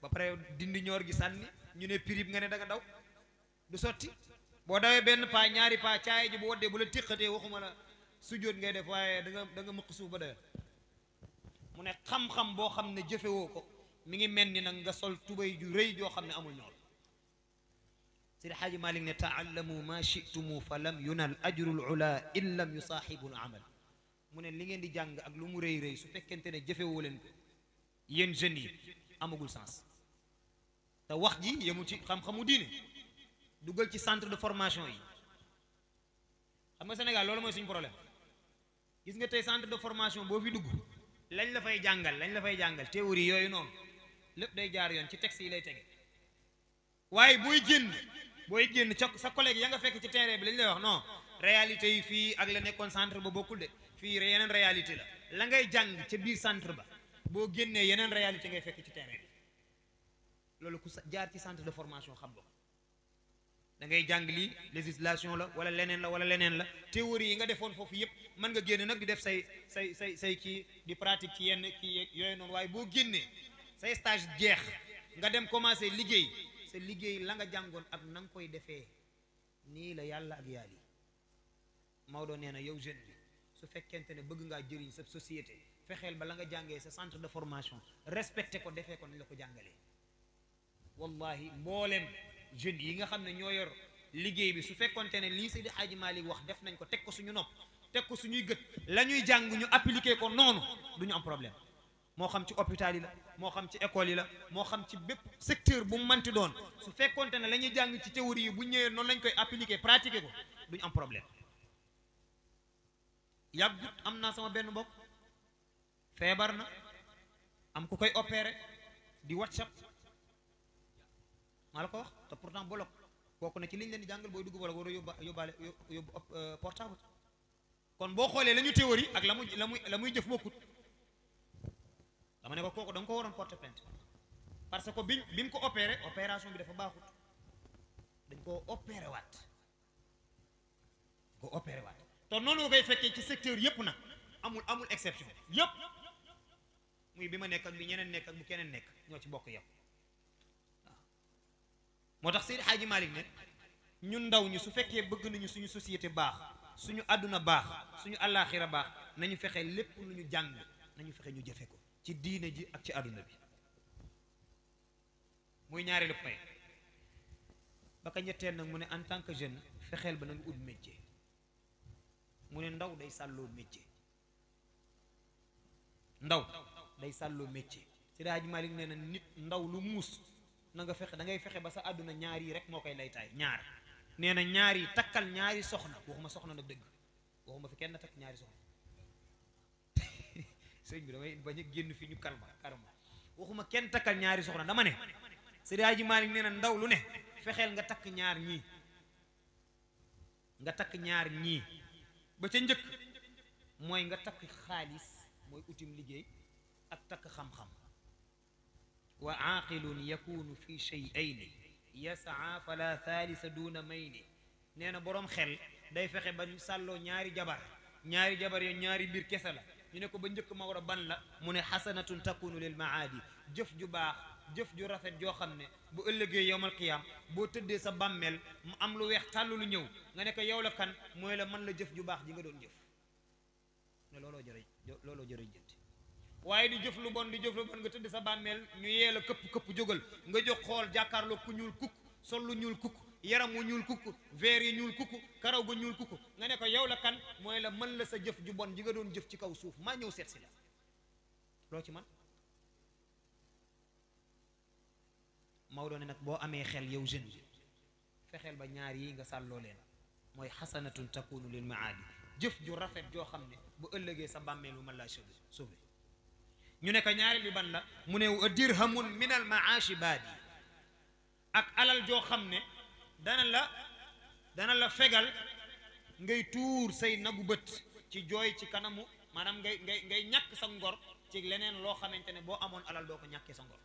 ba pare dindi ñoor gi sànni ñu ne pirib nga ne danga daw du sotti boo dawee benn paa ñaari paa caayo ji bu waddee bu la tiqatee waxuma la sujjóot ngay def waaye da nga da nga mëq suuf ba dawee mu ne xam-xam boo xam ne jëfewoo ko mu ngi mel ni nag nga sol tubay ju rëy joo xam ne amul ñool Seydi Xaaji Maalik ne taallamu maa chitumu fa lam yunal ajrul ula in lam yusaaxibul amal mu ne li ngeen di jàng ak lu mu rëy rëy su fekkente ne jëfewoo leen ko yéen jeunes yi amagul sens wax ji yemul ci xam mu diine dugal ci centre de formation yi xam nga Sénégal loolu mooy suñ problème gis nga tey centre de formation boo fi dugg lañ la fay jàngal lañ la fay jàngal théorie yooyu noonu lépp day jaar yoon ci texte yi lay tege waaye booy génn booy génn ca sa collègue ya nga fekk ci terrain bi lañ lay wax non réalité yi fii ak la nekkoon centre ba bokkul de fii yeneen réalité la la ngay jàng ca biir centre ba boo génnee yeneen réalité ngay fekk ci terrain bi loolu ku jaar ci centre de formation xam nga da ngay jàng lii législation la wala leneen la wala leneen la théorie yi nga defoon foofu yëpp mën nga génn nag di def say say say say kii di pratique ci yenn kii yooyu noonu waaye boo génnee say stage jeex nga dem commencer liggéey liggéey la nga jàngoon ak na koy defee nii la yàlla ak yàlla Maodo nee na yow jeune bi su fekkente ne bëgg ngaa jëriñ sa société fexeel ba la nga jàngee sa centre de formation respecté ko defee ko ni la ko jàngalee wallahi mbooleem jeunes yi nga xam ne ñoo yor liggéey bi su fekkonte ne lii Seydi Hadji Malick wax def nañ ko teg ko suñu nopp teg ko suñuy gët lañuy jàng ñu appliqué ko noonu duñu am problème moo xam ci hôpital yi la moo xam ci école yi la moo xam ci bépp secteur bu mu manti doon su fekkonte ne lañuy jàng ci théorie yi bu ñëwee noonu lañ koy appliquer pratiquer ko duñ am problème yàggut am naa sama benn mbokk feebar na am ku koy opérer di whatsapp maa la ko wax te pourtant bolok kooku na ci liñ leen di jàngal booy dugg bolok war a yóbba yóbbaale yóbbu euh, portable kon boo xoolee lañu ñu théorie ak la mu la muy la muy jëf bokkut dama ne ko kooku da nga ko waroon porter plainte parce que bi bi mu ko opéré opération bi dafa baaxut dañ koo opéré waat ko opéré waat te noonu koy fekkee ci secteur yëpp nag amul amul exception yëpp muy bi ma nekk ak bi ñeneen nekk ak bu keneen nekk ñoo ci bokk yëpp moo tax si Hadji Malick ne ñun ndaw ñi su fekkee bëgg nañu suñu société baax suñu àdduna baax suñu àllaaxira baax na ñu fexe lépp lu ñu jàng nañu fexe ñu jëfe ko ci diine ji ak ci àdduna bi muy ñaareelu pay ba ka ñetteel nag mu ne en tant que jeune fexeel ba na nga ut métier mu ne ndaw day sàlloo métier ndaw day sàlloo métier ci daa ji nee na nit ndaw lu muus na nga fexe da ngay fexe ba sa àdduna ñaar yi rek moo koy laytaay ñaar nee na ñaar yi takkal ñaari soxna waxuma soxna nag dëgg waxuma fi kenn takk ñaari soxna sëñ bi damay bañ a génn fi ñu karma karma waxuma kenn takkal ñaari soxna dama ne Seydi Hadji Malick nee na ndaw lu ne fexeel nga takk ñaar ñii nga takk ñaar ñii ba ca njëkk mooy nga takk xaalis mooy utim liggéey ak takk xam-xam wa aaqilun yakunu fi shay'ayni yasaa fala thaalisa duuna mayni nee na boroom xel day fexe ba ñu sàlloo ñaari jabar ñaari jabar yo ñaari biir kese la ñu ne ko ba njëkk Maodo ban la mu ne xasanatun takunu lil maadi jëf ju baax jëf ju rafet joo xam ne bu ëllëgee yowmal qiyaam boo tëddee sa bàmmeel mu am lu weex tàll lu ñëw nga nekk ko yow la kan mooy la man la jëf ju baax ji nga doon jëf ne looloo jërëj looloo jërëj jënti waaye di jëf lu bon di jëf lu bon nga tëdd sa bàmmeel ñu yee la këpp këpp jógal nga jóg xool jàkkaarloo ku ñuul kuk sol lu ñuul kukk yaram wu ñuul kukk veer yi ñuul kukk karaw ga ñuul kukk nga ne ko yow la kan mooy la mën la sa jëf ju bon ji nga doon jëf ci kaw suuf maa ñëw seet si la loo ci man Maodo ne nag boo amee xel yow jeune bi fexeel ba ñaar yi nga sàlloo leen mooy xasanatun takunu lil maadi jëf ju rafet joo xam ne bu ëllëgee sa bàmmeelu mën laa sauvé sauvé ñu ne ko ñaari bi ban la mu ne dirhamun min al maashi baadi ak alal joo xam ne dana la dana la fegal ngay tuur say nagu bët ci jooy ci kanamu maanaam ngay ngay ngay ñàkk sa ngor ci leneen loo xamante ne boo amoon alal doo ko ñàkkee sa ngor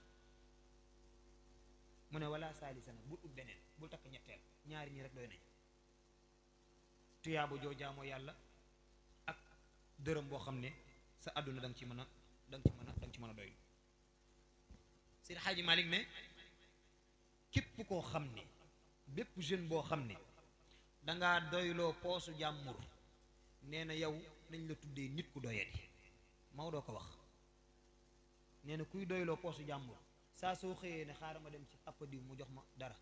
mu ne wala saalisana bul ut beneen bul takk ñetteel ñaari ñi rek doy nañ tuyaaba joo jaamoo yàlla ak dërëm boo xam ne sa àdduna da ci mën a da nga ci mën a da nga ci mën a doy Seydi Xaaji Malik ne képp koo xam ne bépp jeune boo xam ne dangaa doyloo poosu jàmbur nee na yow nañ la tuddee nit ku doyadi Maodo ko wax nee na kuy doyloo poosu jàmbur saa soo xëyee ne xaaral ma dem ci appa diw mu jox ma dara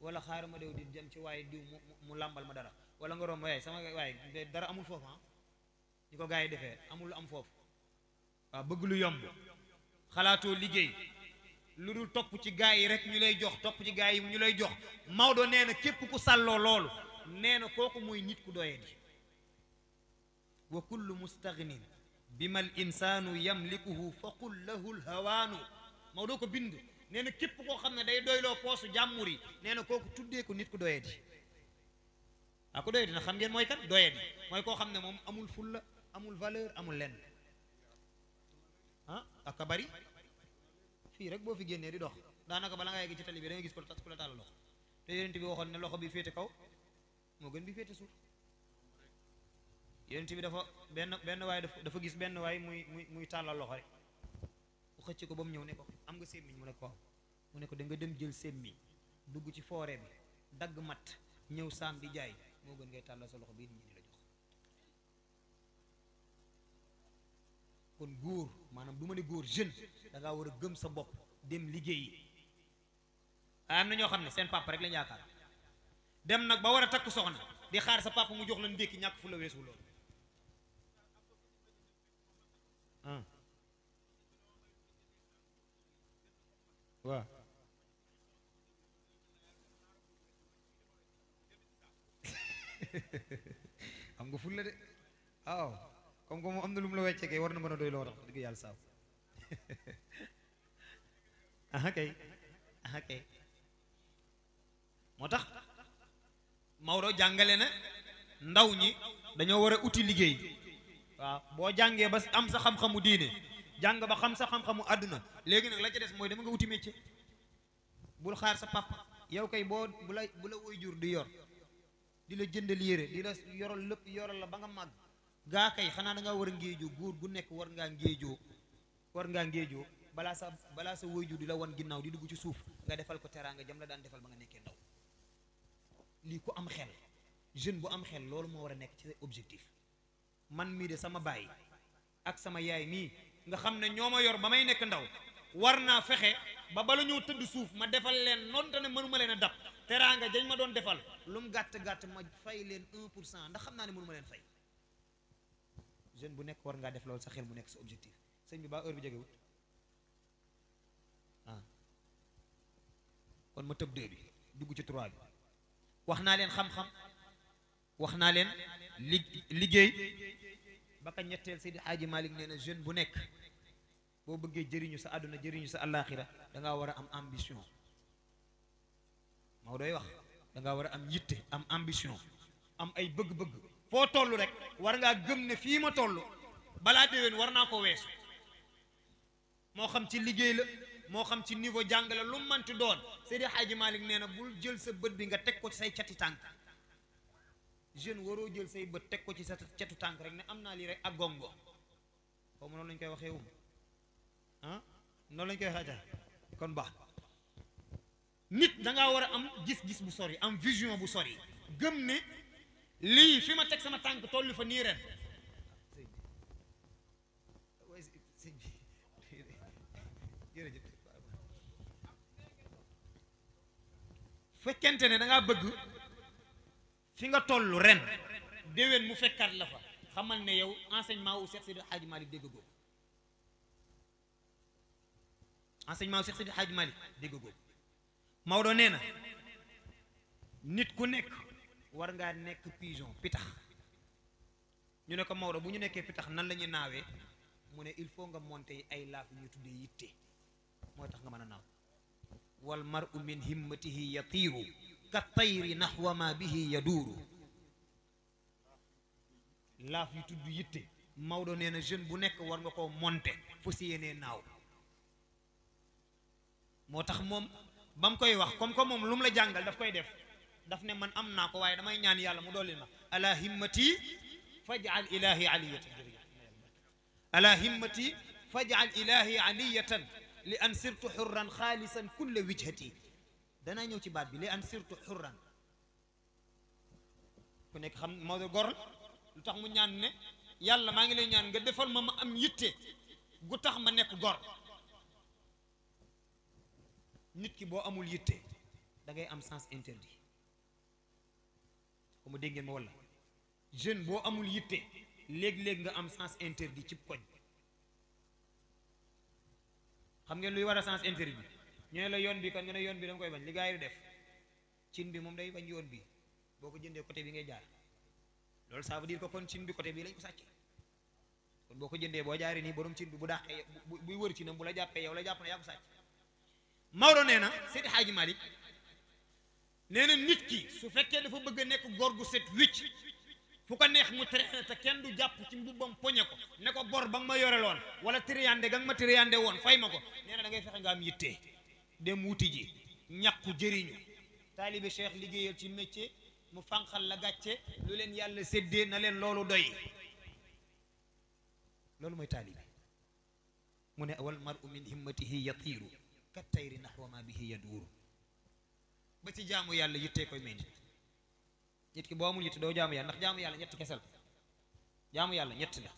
wala xaaral ma dew di dem ci waaye diw mu mu làmbal ma dara wala nga romb waaye sama waaye dara amul foofu ah ñu ko gars yi defee amul am foofu waaw bëgg lu yomb xalaatoo liggéey lu dul topp ci gaa yi rek ñu lay jox topp ci gaa yi ñu lay jox Maodo nee na képp ku sàlloo loolu nee na kooku mooy nit ku doye di wa kullu mustaghnin bima al insaanu yamlikuhu fa qul lahu lhawaanu Maodo ko bind nee na képp koo xam ne day doyloo poosu jàmmur yi nee na kooku tuddee ko nit ku doye di waa na xam ngeen mooy kan doye di mooy koo xam ne moom amul fulla amul valeur amul lenn ah, aka bari fii rek boo fi génnee di dox daanaka bala nga yegg ci tali bi da nga gis ko tas ku la taal loxo te yonent bi waxoon ne loxo bi féete kaw moo gën bi féete suuf yonent bi dafa benn benn waay dafa dafa gis benn waay muy muy muy tàllal loxo rek bu xëcc ko ba mu ñëw ne ko am nga sémmiñ mu ne ko mu ne ko da nga dem jël sémmiñ dugg ci foore bi dagg matt ñëw saam di jaay moo gën ngay tàll sa loxo bii nit ñi kon góor maanaam du ma ne góor jeune da war a gëm sa bopp dem liggéeyi ah, am na ñoo xam ne seen papa rek lañ yaakaar dem nag ba war a takk soxna di xaar sa papa mu jox la ndékki ñàkk fu la weesu loolu ah. nga ful la de waaw comme que moom am na lu mu la wecce kay war na mën a doy loo tax dëgg yàlla saaw aha kay moo tax Maodo jàngale na ndaw ñi dañoo war a wuti liggéey waaw boo jàngee ba am sa xam-xamu diine jàng ba xam sa xam-xamu àdduna léegi nag la ca des mooy dama nga uti bul xaar sa papa yow kay boo bu la bu di yor di la jëndal yére di la yoral lépp yoral la ba nga màgg gaa kay xanaa da nga war a ngéejoo góor gu nekk war ngaa ngéejoo war ngaa ngéejoo balaa sa balaa sa wayju di la wan ginnaaw di dugg ci suuf nga defal ko teraanga jam la daan defal ba nga nekkee ndaw lii ku am xel jeune bu am xel loolu moo war a nekk ci sa objectif man mii de sama baay ak sama yaay mii nga xam ne ñoo ma yor ba may nekk ndaw war naa fexe ba bala ñoo tëdd suuf ma defal leen noonte ne mënuma leen a dab teraanga dañ ma doon defal lum mu gàtt gàtt ma fay leen un pour cent ndax xam naa ne mënuma leen fay jeune bu nekk war ngaa def loolu sa xel mu nekk sa objectif sëñ bi baa heure bi jegewut ah kon ma tëb deux bi dugg ci trois bi wax naa leen xam-xam wax naa leen li liggéey ba ka ñetteel Seydi Hadji Malick nee na jeune bu nekk boo bëggee jëriñu sa àdduna jëriñu sa àllaaxira da war a am ambition moo doy wax danga war a am yitte am ambition am ay bëgg-bëgg foo tollu rek war ngaa gëm ne fii ma toll balaa déwén war naa ko weesu moo xam ci liggéey la moo xam ci niveau jàng la lu manti doon Seydi Hadji Malick bul jël sa bët bi nga teg ko ci say cati tànk jeune waroo jël say bët teg ko ci sa catu tànk rek ne am naa lii rek ak gongo xaw ma noonu lañ koy waxee um ah noonu lañ koy waxee kon baax nit da war a am gis-gis bu sori am vision bu sori gëm ne lii fi ma teg sama tànk tollu fa nii ren fekkente ne da bëgg fi nga tollu ren déwén mu fekkaat la fa xamal ne yow enseignement wu Cheikh Sidi Hadj dégg googu enseignement wu Cheikh Sidi Hadj dégg googu Maodo nee na nit ku nekk. war ngaa nekk pigeon pitax ñu ne ko Maodo bu ñu nekkee pitax nan la naawee mu ne il faut nga monter ay laaf yu ñu tuddee yitte moo tax nga mën a naaw wal mar'u min himmatihi yatiiru ka tayri nahwa ma bihi yaduuru laaf yu tudd yitte Maodo nee na jeune bu nekk war nga koo monte fu si yéenee naaw moo tax moom ba mu koy wax comme que moom lu mu la jàngal daf koy def daf ne man am naa ko waaye damay ñaan yàlla mu dolli ma ala himmati fajal ilahi aliyatan ala himmati fajal ilahi aliyatan li an sirtu xurran xaalisan kulla wijhati danaa ñëw ci baat bi li an sirtu xurran ku nekk xam Maodo gor lu tax mu ñaan ne yàlla maa ngi lay ñaan nga defal ma ma am yitte gu tax ma nekk gor nit ki boo amul yitte da am sens interdit ba mu déggeen ma walla jeune boo amul yitte léeg-léeg nga am sens interdit cib koñ xam ngeen luy war a sens interdit ñu ne la yoon bi kan nga ne yoon bi dama koy bañ li gaa yi di def cin bi moom day bañ yoon bi boo ko jëndee côté bi ngay jaar loolu ça veut dire que kon cin bi côté bi lañ ko sàcc kon boo ko jëndee boo jaaree nii borom cin bi bu dàqee buy wër cinam bu la jàppee yow la jàpp na yaa ko sàcc Maodo nee na Seydi Hadji Malick nee na nit ki su fekkee dafa bëgg a nekk góor gu set wicc fu ko neex mu traîner te kenn du jàpp ci mbubbam poñe ko ne ko bor ba nga ma yoreloon wala triyande ga nga ma triyande woon fay ma ko nee na da ngay fexe nga am yitte dem wuti ji ñàkku jëriñu taalibi cheikh liggéeyal ci métier mu fànqal la gàcce lu leen yàlla sedde na leen loolu doy loolu mooy taalibi mu ne wal maru min himmatihi yatiiru ka tayri nahwa ma bihi yaduuru ba ci jaamu yàlla yittee koy may nit nit ki boo amul yitte doo jaamu yàlla ndax jaamu yàlla ñett kesel jaamu yàlla ñett la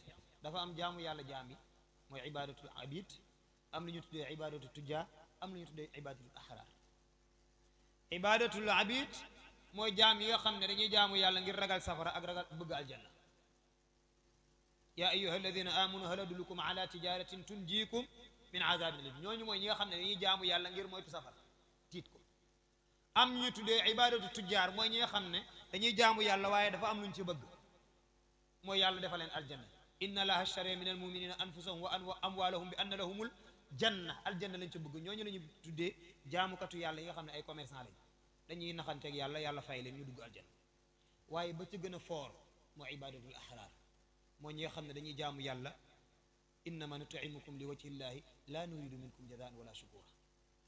dafa am jaamu yàlla jaami mooy ibadatul abid am lu ñu tuddee ibadatul tujja am lu ñu tuddee ibadatul ahrar ibadatul abid mooy jaam yi nga xam ne dañuy jaamu yàlla ngir ragal safara ak ragal bëgg aljanna yaa ayyuha alladina amanu hal adullukum ala tijaratin tunjikum min azabin alim ñooñu mooy ñi nga xam ne dañuy jaamu yàlla ngir moytu safara tiit ko am ñu tuddee ibadatu tujjaar mooy ñi nga xam ne dañuy jaamu yàlla waaye dafa am luñ ci bëgg mooy yàlla dafa leen aljanna inna allaha ashtara min almuminina anfusahum wa amwalahum bi anna lahumul janna aljanna lañ ci bëgg ñooñu la ñu tuddee jaamukatu yàlla yi nga xam ne ay commerçant lañ dañuy naxanteeg yàlla yàlla fay leen ñu dugg aljanna waaye ba ci gën a foor mooy ibadatul ahrar mooy ñi nga xam ne dañuy jaamu yàlla innama nutimukum li wajhi llahi la nuridu minkum jazaan wala shukura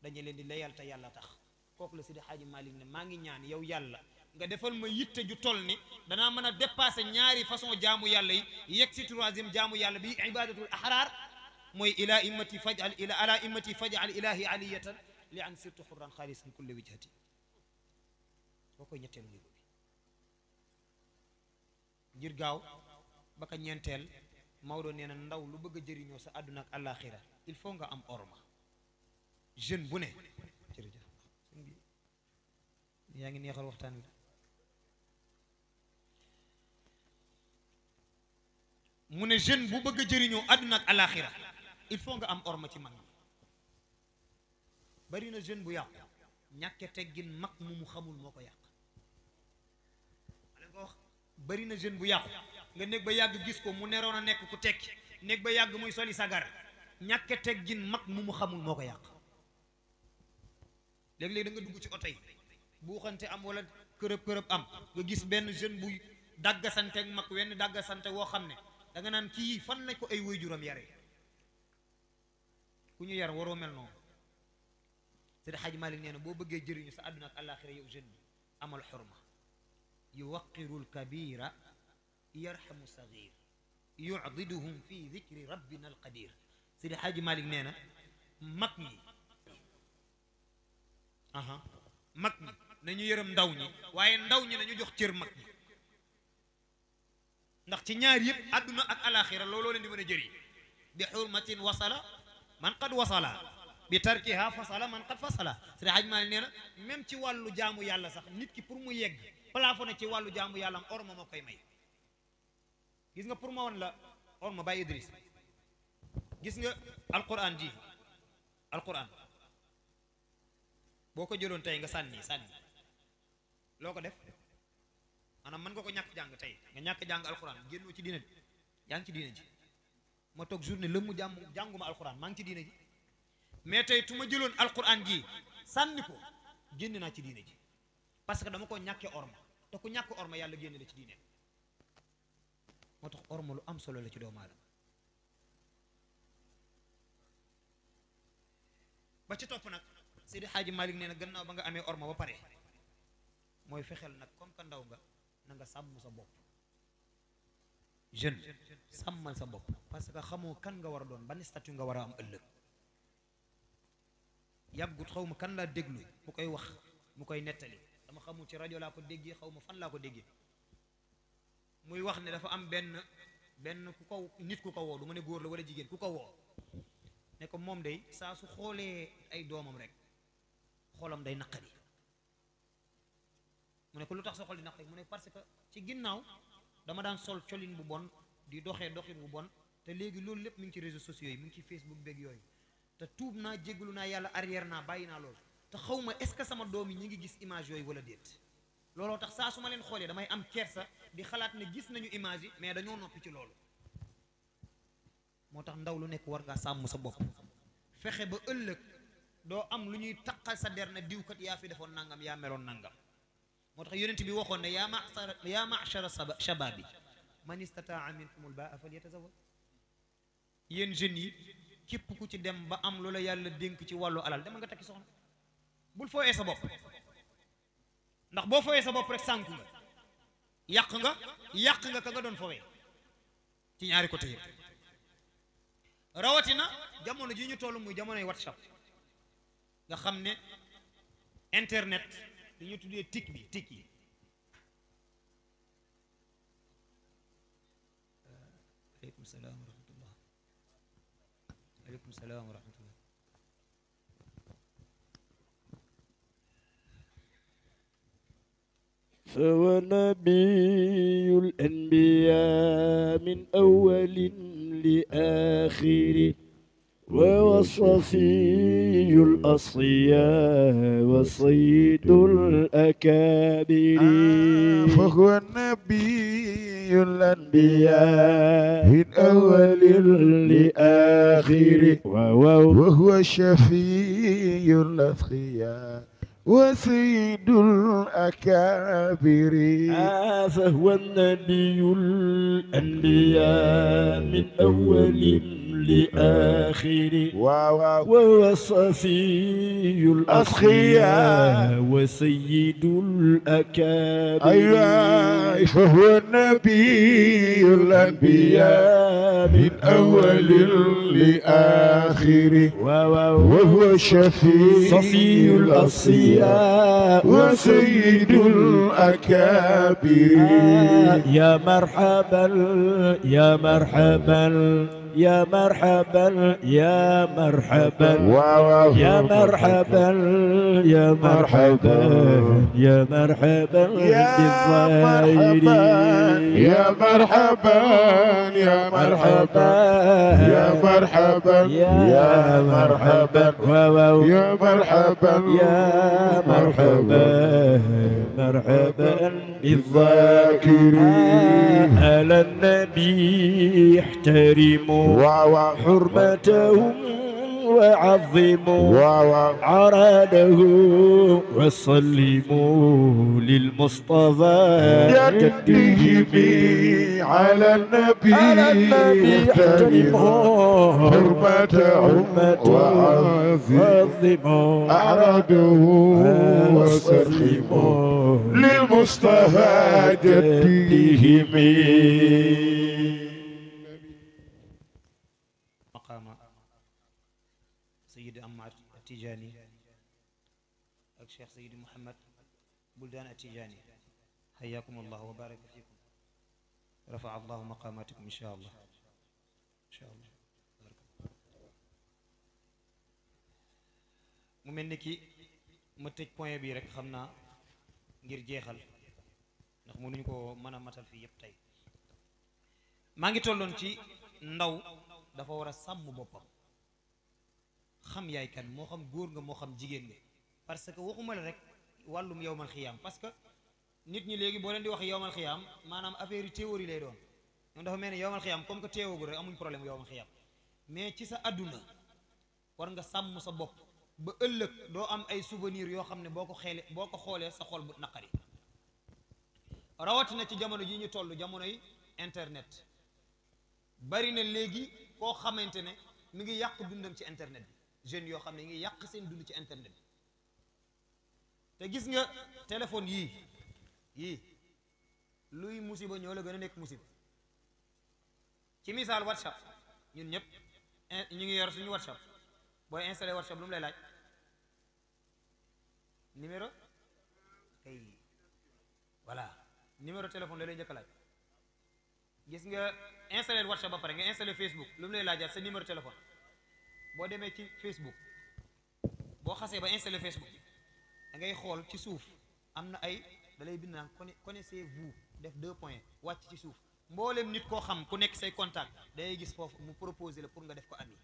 dañu leen di layal te yàlla tax kooku la Seydi Hadji Malick ne maa ngi ñaan yow yàlla nga defal ma yitte ju tol ni danaa mën a dépasser ñaari façon jaamu yàlla yi yegg si troisième jaamu yàlla bi ibadatul ahrar mooy ila immati fajal ila ala immati fajal ilahi aliyatan li an sirtu xurran xaalisan kulli wijhati boo koy ñetteelu niveau ngir gaaw baka ñeenteel Maodo nee na ndaw lu bëgg a jëriñoo sa àdduna ak àllaaxira il faut nga am orma jeune bu yaa ngi neexal waxtaan wi mu ne jeune bu bëgg a jëriñoo àdduna ak alaaxira il faut nga am orma ci man ñi bari na jeune bu yàqu ñàkke teggin mag mu mu xamul moo ko yàq ma wax bari na jeune bu yàqu nga nekk ba yàgg gis ko mu neroon a nekk ku tekki nekk ba yàgg muy soli sagar ñàkke teggin mag mu mu xamul moo ko yàq léeg-léeg da nga dugg ci oto yi buuxante am wala kërëb kërëb am nga gis benn jeune buy dàggasante ak mag wenn dàggasante woo xam ne da nga naan kii fan lañ ko ay waajuram yare ku ñu yar waroo mel noonu Seydi Xaaj Maalik nee na boo bëggee jëriñu sa àdduna ak àllaaxira yow jeune bi amal xurma yuwaqirul kabira yarxamu sagir yucdiduhum fi dicri rabbina alqadir Seydi Xaaj nee na mag ñi nañu yërëm ndaw ñi waaye ndaw ñi nañu jox cër mag ñi ndax ci ñaar yëpp àdduna ak alaxira looloo leen di mën a jëriñ bi xurmatin wasala man qad wasala bi tarkiha fasala man qad fasala sëriñ Haj Maalik neena na même ci wàllu jaamu yàlla sax nit ki pour mu yegg plafonné ci wàllu jaamu yàlla am orma moo koy may gis nga pour ma woon la orma bay Idris gis nga alquran ji alquran boo ko jëloon tey nga sànni sànni loo ko def maanaam mën nga ko ñàkk jàng tey nga ñàkk jàng alxuraan génnoo ci diine ji yaa ngi ci diine ji ma toog journée lëmm jàmm jànguma alxuraan maa ngi ci diine ji mais tey tu ma jëloon alxuraan ji sànni ko génn naa ci diine ji parce que dama koo ñàkkee orma te ku ñàkk orma yàlla génn la ci diine moo tax orma lu am solo la ci doomu aadama ba ci topp nag Seydi Xaaji Malik nee na gannaaw ba nga amee orma ba pare mooy fexeel nag comme que ndaw nga na nga sàmm sa bopp jeune sàmmal sa bopp parce que xamoo kan nga war a doon ban statut nga war a am ëllëg yàggut xaw ma kan laa déglu mu koy wax mu koy nettali dama xamul ci rajo laa ko déggee xaw ma fan laa ko déggee muy wax ne dafa am benn benn ku ko nit ku kawoo woo ma ne góor la war a jigéen ku ko woo ne ko moom day saa su xoolee ay doomam rek xoolam day naqari mu ne ko lu tax sa xol di naqari mu ne parce que ci ginnaaw dama daan sol colin bu bon di doxee doxin bu bon te léegi loolu lépp mu ngi ci réseaux sociaux yi mu ngi ci Facebook beeg yooyu te tuub naa jégalu naa yàlla arrière naa bàyyi naa loolu te xaw ma est ce que sama doom yi ñu ngi gis image yooyu wala déet looloo tax saa su ma leen xoolee damay am sa di xalaat ne gis nañu image yi mais dañoo noppi ci loolu moo tax ndaw lu nekk war ngaa sàmm sa bopp fexe ba ëllëg doo am lu ñuy taqal sa der na diwkat yaa fi defoon nangam yaa meloon nangam moo tax yonent bi waxoon ne yaa ma'shara yaa ma'shara shabaabi man istataa minkumul baa falyatazawwaj yéen jeunes yi képp ku ci dem ba am lu yàlla dénk ci wàllu alal dama nga takki soxna bul foo sa bopp ndax boo fooyee sa bopp rek sànku nga yàq nga yàq nga ka nga doon fooyee ci ñaari côté yëpp rawatina jamono ji ñu toll muy jamonoy WhatsApp nga xam ne internet li ñu tuddee tic bi tic yi aleykum salaam wa rahmatullah aleykum salaam wa rahmatullah فهو نبي الأنبياء من أول لآخره وهو الصفي الأصفياء وصيد الأكابر فهو النبي الأنبياء من أول لآخر وهو الشفي الأثقياء وسيد الأكابر آه فهو النبي الأنبياء من أول كل آخر وهو الصفي الأصخياء وسيد الأكابر أيوة فهو النبي الأنبياء من أول لآخر وهو شفيع صفي الأصياء وسيد الأكابر يا مرحبا يا مرحبا يا مرحبا يا مرحبا يا مرحبا يا مرحبا يا مرحبا بالضير يا مرحبا يا مرحبا يا مرحبا يا مرحبا يا مرحبا يا مرحبا مرحبا بالذاكرين على النبي احترموا وحرمتهم وعظموا عراده وسلموا للمصطفى يدهم على النبي تلموا حرمة وعظموا عراده وسلموا للمصطفى يدهم Tijaani ak Cheikh Seydi Mouhamed Buldaan Atijaani xayaakum allah wa fiikum rafaa allahu maqaamaatikum incha allah mu mel ni ki ma tëj point bi rek xam naa ngir jeexal ndax nuñ ko mën a matal fii yëpp tey maa ngi tolloon ci ndaw dafa war sàmm boppam xam yaay kan moo xam góor nga moo xam jigéen nga parce que waxuma la rek wàllum yowmal xiyaam parce que nit ñi léegi boo leen di wax yowmal xiyaam maanaam affaire théorie lay doon ñoom dafa mel ni yowmal xiyaam comme que teewagul rek amuñ problème yowmal xiyaam mais ci sa adduna war nga sàmm sa bopp ba ëllëg doo am ay souvenir yoo xam ne boo ko xeele boo ko xoolee sa xol bu naqari rawatina ci jamono ji ñu toll jamonoy internet bari na léegi koo xamante ne mu ngi yàq dundam ci internet bi jeunes yoo xam ne ngi yàq seen dund ci internet bi te gis nga téléphone yii yii luy musiba ñoo la gën a nekk musiba ci misaal whatsapp ñun ñëpp ñu ngi yor suñu whatsapp booy installé whatsapp lu mu lay laaj numéro kay voilà numéro téléphone la lay njëkk laaj gis nga installé whatsapp ba pare nga installé facebook lu mu lay laajaat sa numéro téléphone boo demee ci Facebook boo xasee ba installé Facebook bi da ngay xool ci suuf am na ay da lay bind naan connaissez-vous def deux points wàcc ci suuf mboolem nit koo xam ku nekk say contact dangay gis foofu mu proposé la pour nga def ko ami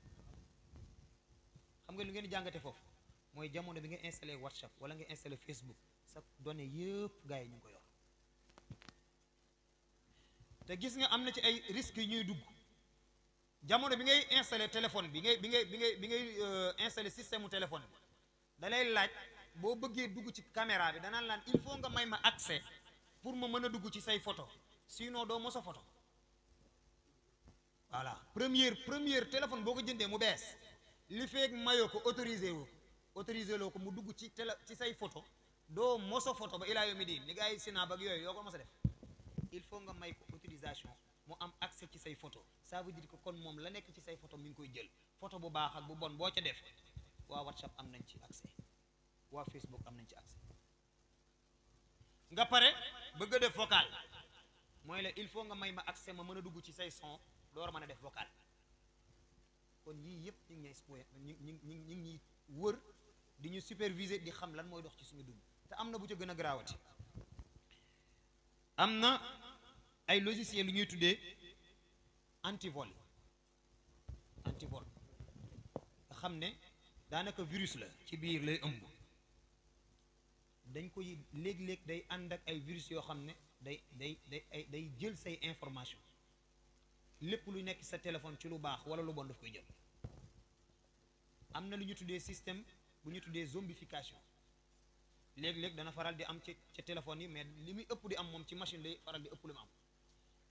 xam nga lu ngeen jàngate foofu mooy jamono bi nga installé WhatsApp wala nga installé Facebook sa données yëpp gars yi ñu ngi ko yor te gis nga am na ci ay risques yu ñuy dugg. jamono bi ngay installé téléphone bi ngay bi ngay bi ngay bi ngay euh, installé système mu téléphone bi da laaj boo bëggee dugg ci caméra bi danaan laan il faut nga may ma accès pour ma mën a dugg ci say photo sinon doo mos a photo voilà première première téléphone boo ko jëndee mu bees li feeg mayoo ko autoriser woo autoriser loo ko mu dugg ci télé ci say photo doo mos a photo ba ilaa yomi diin ni gars yi Sina ba ak yooyu yoo ko mos def il faut nga may ko autorisation mu am accès ci say photo ça veut dire que kon moom la nekk ci say photo mu ngi koy jël photo bu baax ak bu bon boo ca def waa WhatsApp am nañ ci accès waa Facebook am nañ ci accès nga pare bëgg a def vocal mooy la il faut nga may ma accès ma mën a dugg ci say son door mën a def vocal kon yii yëpp ñu ngi ñuy spoye ñu ñu ñu ngi ñuy wër di ñu superviser di xam lan mooy dox ci suñu dund te am na bu ca gën a garaawati am na ay logiciel lu ñuy tuddee antivol antivol xam ne daanaka virus la ci biir lay ëmb dañ koy léeg-léeg day ànd ak ay virus yoo xam ne day day day day jël say information lépp lu nekk sa téléphone ci lu baax wala lu bon daf koy jël am na lu ñu tuddee système bu ñu tuddee zombification léeg-léeg dana faral di am ci ca téléphone yi mais li muy ëpp di am moom ci machine lay faral di ëpp lu mu am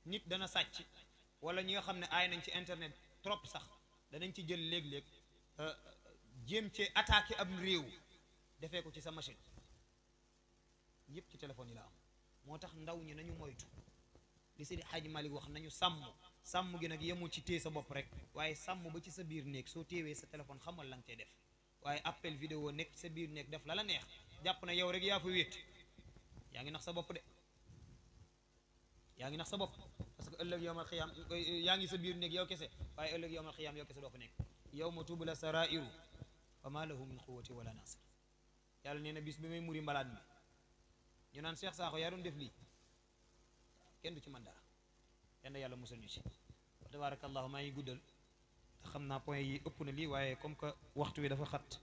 nit dana sàcc wala ñi nga xam ne ay nañ ci internet trop sax danañ ci jël léeg-léeg euh, jéem cee attaqué am réew defee ko ci sa machine yëpp ci téléphone yi la am moo tax ndaw ñi nañu moytu li Seydi Hadji Malick wax nañu sàmm sàmm gi nag yemul ci téye sa bopp rek waaye sàmm ba ci sa biir néeg soo téewee sa téléphone xamal la nga cee def waaye appel vidéo nekk sa biir néeg def la la neex jàpp na yow rek yaa fa wéet yaa ngi nax sa bopp de yaa ngi nax sa bopp parce que ëllëg yowmal xiyaam yaa ngi sa biir néeg yow kese waaye ëllëg yowmal xiyaam yow kese doo fa nekk yawma tubla sarairu wa ma lahu min quwati wala nasir yàlla nee na bis bi may muri mbalaat mi ñu naan Cheikh Sakho yaa def lii kenn du ci man dara kenn yàlla musal ñu ci wa tabarakallahu maa ngi guddal xam naa point yi ëpp na lii waaye comme que waxtu wi dafa xat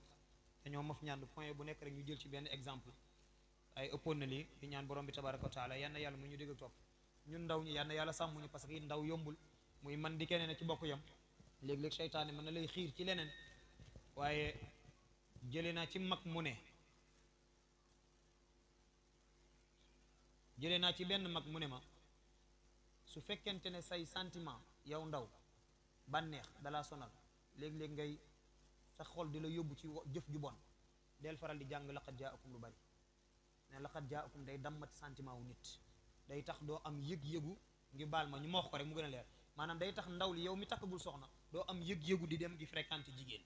dañoo maf ñaan point bu nekk rek ñu jël ci benn exemple waaye ëppoon na lii di ñaan borom bi tabaraka wa taala yal na yàlla mu ñu dégg topp ñun ndaw ñi yal na yàlla sàmm ñu parce que ndaw yombul muy man di keneen ci bokk yam léegi léeg seytaane mën na lay xiir ci leneen waaye jële naa ci mag mu ne jëlee naa ci benn mag mu ne ma su fekkente ne say santiment yow ndaw bànneex dalaa sonal léegi léeg ngay sax xol di la yóbbu ci jëf ju bon del faral di jàng laqad jaakum lu bari ne laqad jaakum day dammat santiment wu nit day tax doo am yëg-yëgu ngi baal ma ñu ma wax ko rek mu gën a leer maanaam day tax ndaw li yow mi takkagul soxna doo am yëg-yëgu di dem di fréquenter jigéen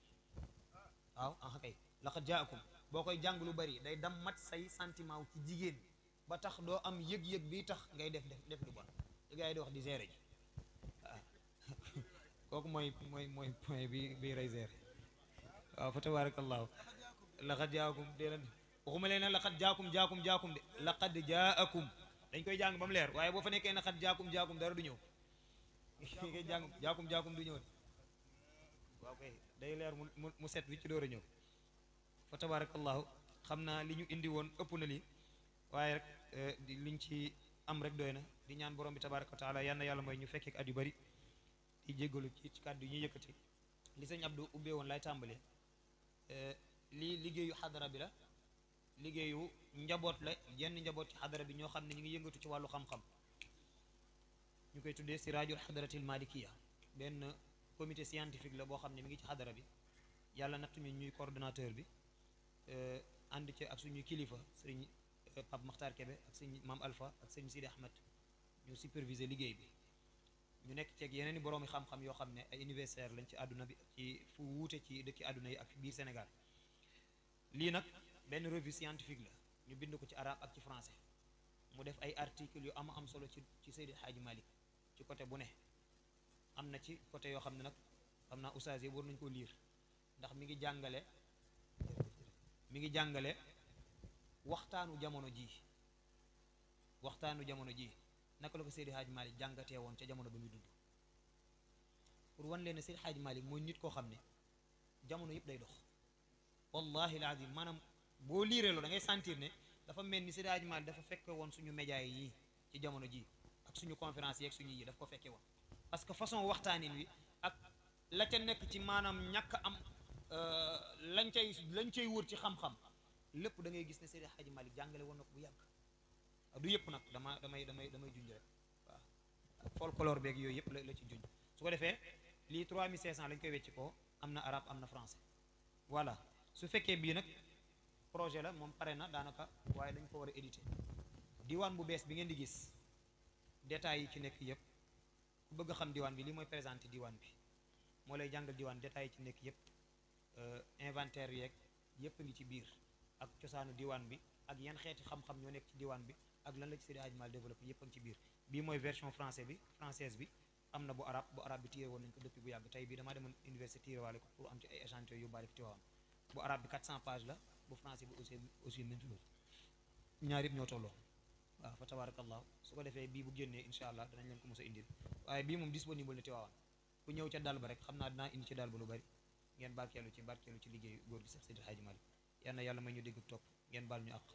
waaw ah kay laqad jaakum boo koy jàng lu bari day dam mat say santiment wu ci jigéen ba tax doo am yëg-yëg bi tax ngay def def def lu bon li gars yi di wax ji kooku mooy mooy mooy point bi bi rey gérer waaw fa tabarakallahu laqad jaakum dee leen waxuma leen ne laqad jaakum jaakum jaakum de laqad jaakum dañ koy jàng ba mu leer waaye boo fa nekkee na xat jaakum jaakum dara du ñëw ngay jàng jaakum jaakum du ñëw waaw day leer mu mu set wi ci door a ñëw fa tabarakallahu xam naa li ñu indi woon ëpp na lii waaye rek eh, liñ ci am rek doy na di ñaan borom bi tabaraka wa taala yal na yàlla mooy ñu fekkee at yu bari di jéggalu ci kàddu yi ñuy yëkkati li sëñ Abdou ubbee woon lay tàmbalee eh, lii liggéeyu xadara bi la liggéeyu njaboot la yenn njaboot ci xadara bi ñoo xam ne ñu ngi yëngatu ci wàllu xam-xam ñu koy tuddee si rajo siraajul kii malikiya benn comité scientifique la boo xam ne mi ngi ci xadara bi yàlla nattuñu ñuy coordonnateur bi euh, ànd ci ak suñuy kilifa sëriñ euh, Pape Makhtar Kebe ak sëñ Maam alfa ak sëñ Sidi Ahmed ñu superviser liggéey bi ñu nekk ceeg yeneen i boroomi xam-xam yoo xam ne ay universitaire lañ ci àdduna bi ci fu wuute ci dëkki àdduna yi ak biir Sénégal lii nag benn revue scientifique ñu bind ko ci arabe ak ci français mu def ay articles yu ama am solo ci ci Seydi Hadji Malick ci côté bu ne am na ci côté yoo xam ne nag xam naa oustaz yi war nañu koo liir ndax mi ngi jàngale mi ngi jàngale waxtaanu jamono ji waxtaanu jamono ji naka la ko Seydi Hadji Malick jàngatee woon ca jamono ba muy dund pour wan leen ne Seydi Hadji Malick mooy nit koo xam ne jamono yëpp day dox wallahi alazim maanaam boo liiree loo da ngay sentir ne dafa mel ni Seydi Hadji dafa fekke woon suñu média yi ci jamono ji ak suñu conférence yi ak suñu yi daf ko fekke woon parce que façon waxtaanin wi ak la ca nekk ci maanaam ñàkk am euh, lañ cay lañ cay wër ci xam-xam lépp dangay gis ne Seydi Hadji Malick jàngale woon na ko bu yàgg du yëpp nag dama damay damay damay junj rek waaw folklore beeg yooyu yëpp la la ci junj su ko defee lii 3500 lañ koy wecc ko am na arab am na français voilà projet la moom pare na daanaka waaye dañ ko war a édité diwaan bu bees bi ngeen di gis détails yi ci nekk yëpp ku bëgg xam diwaan bi li mooy présenté diwaan bi moo lay jàngal diwaan détails yi ci nekk yëpp euh, inventaire yeeg yëpp a ngi ci biir ak cosaanu diwaan bi ak yan xeeti xam-xam ñoo nekk ci diwaan bi ak lan la ci Seydi Hadji Malick développé a ngi ci biir bii mooy version français bi française bi am na bu arab bu arab bi téye woon nañu ko depuis bu yàgg tey bii damaa demoon université téye waale ko pour am ci ay échantillons yu bari fi teewoon bu arab la bu français bi aussi aussi même chose ñaar yëpp ñoo tolloo waaw fa tabarakallahu su ko defee bii bu génnee incha allah danañ leen ko mos a indi indil waaye bii moom disponible na Tiwaawan ku ñëw ca dal ba rek xam naa dinaa indi ci dal ba lu bari ngeen barkeelu ci barkeelu ci liggéey góor gi sax Seydi Hadji Malick yal na yàlla may ñu dégg topp ngeen baal ñu àq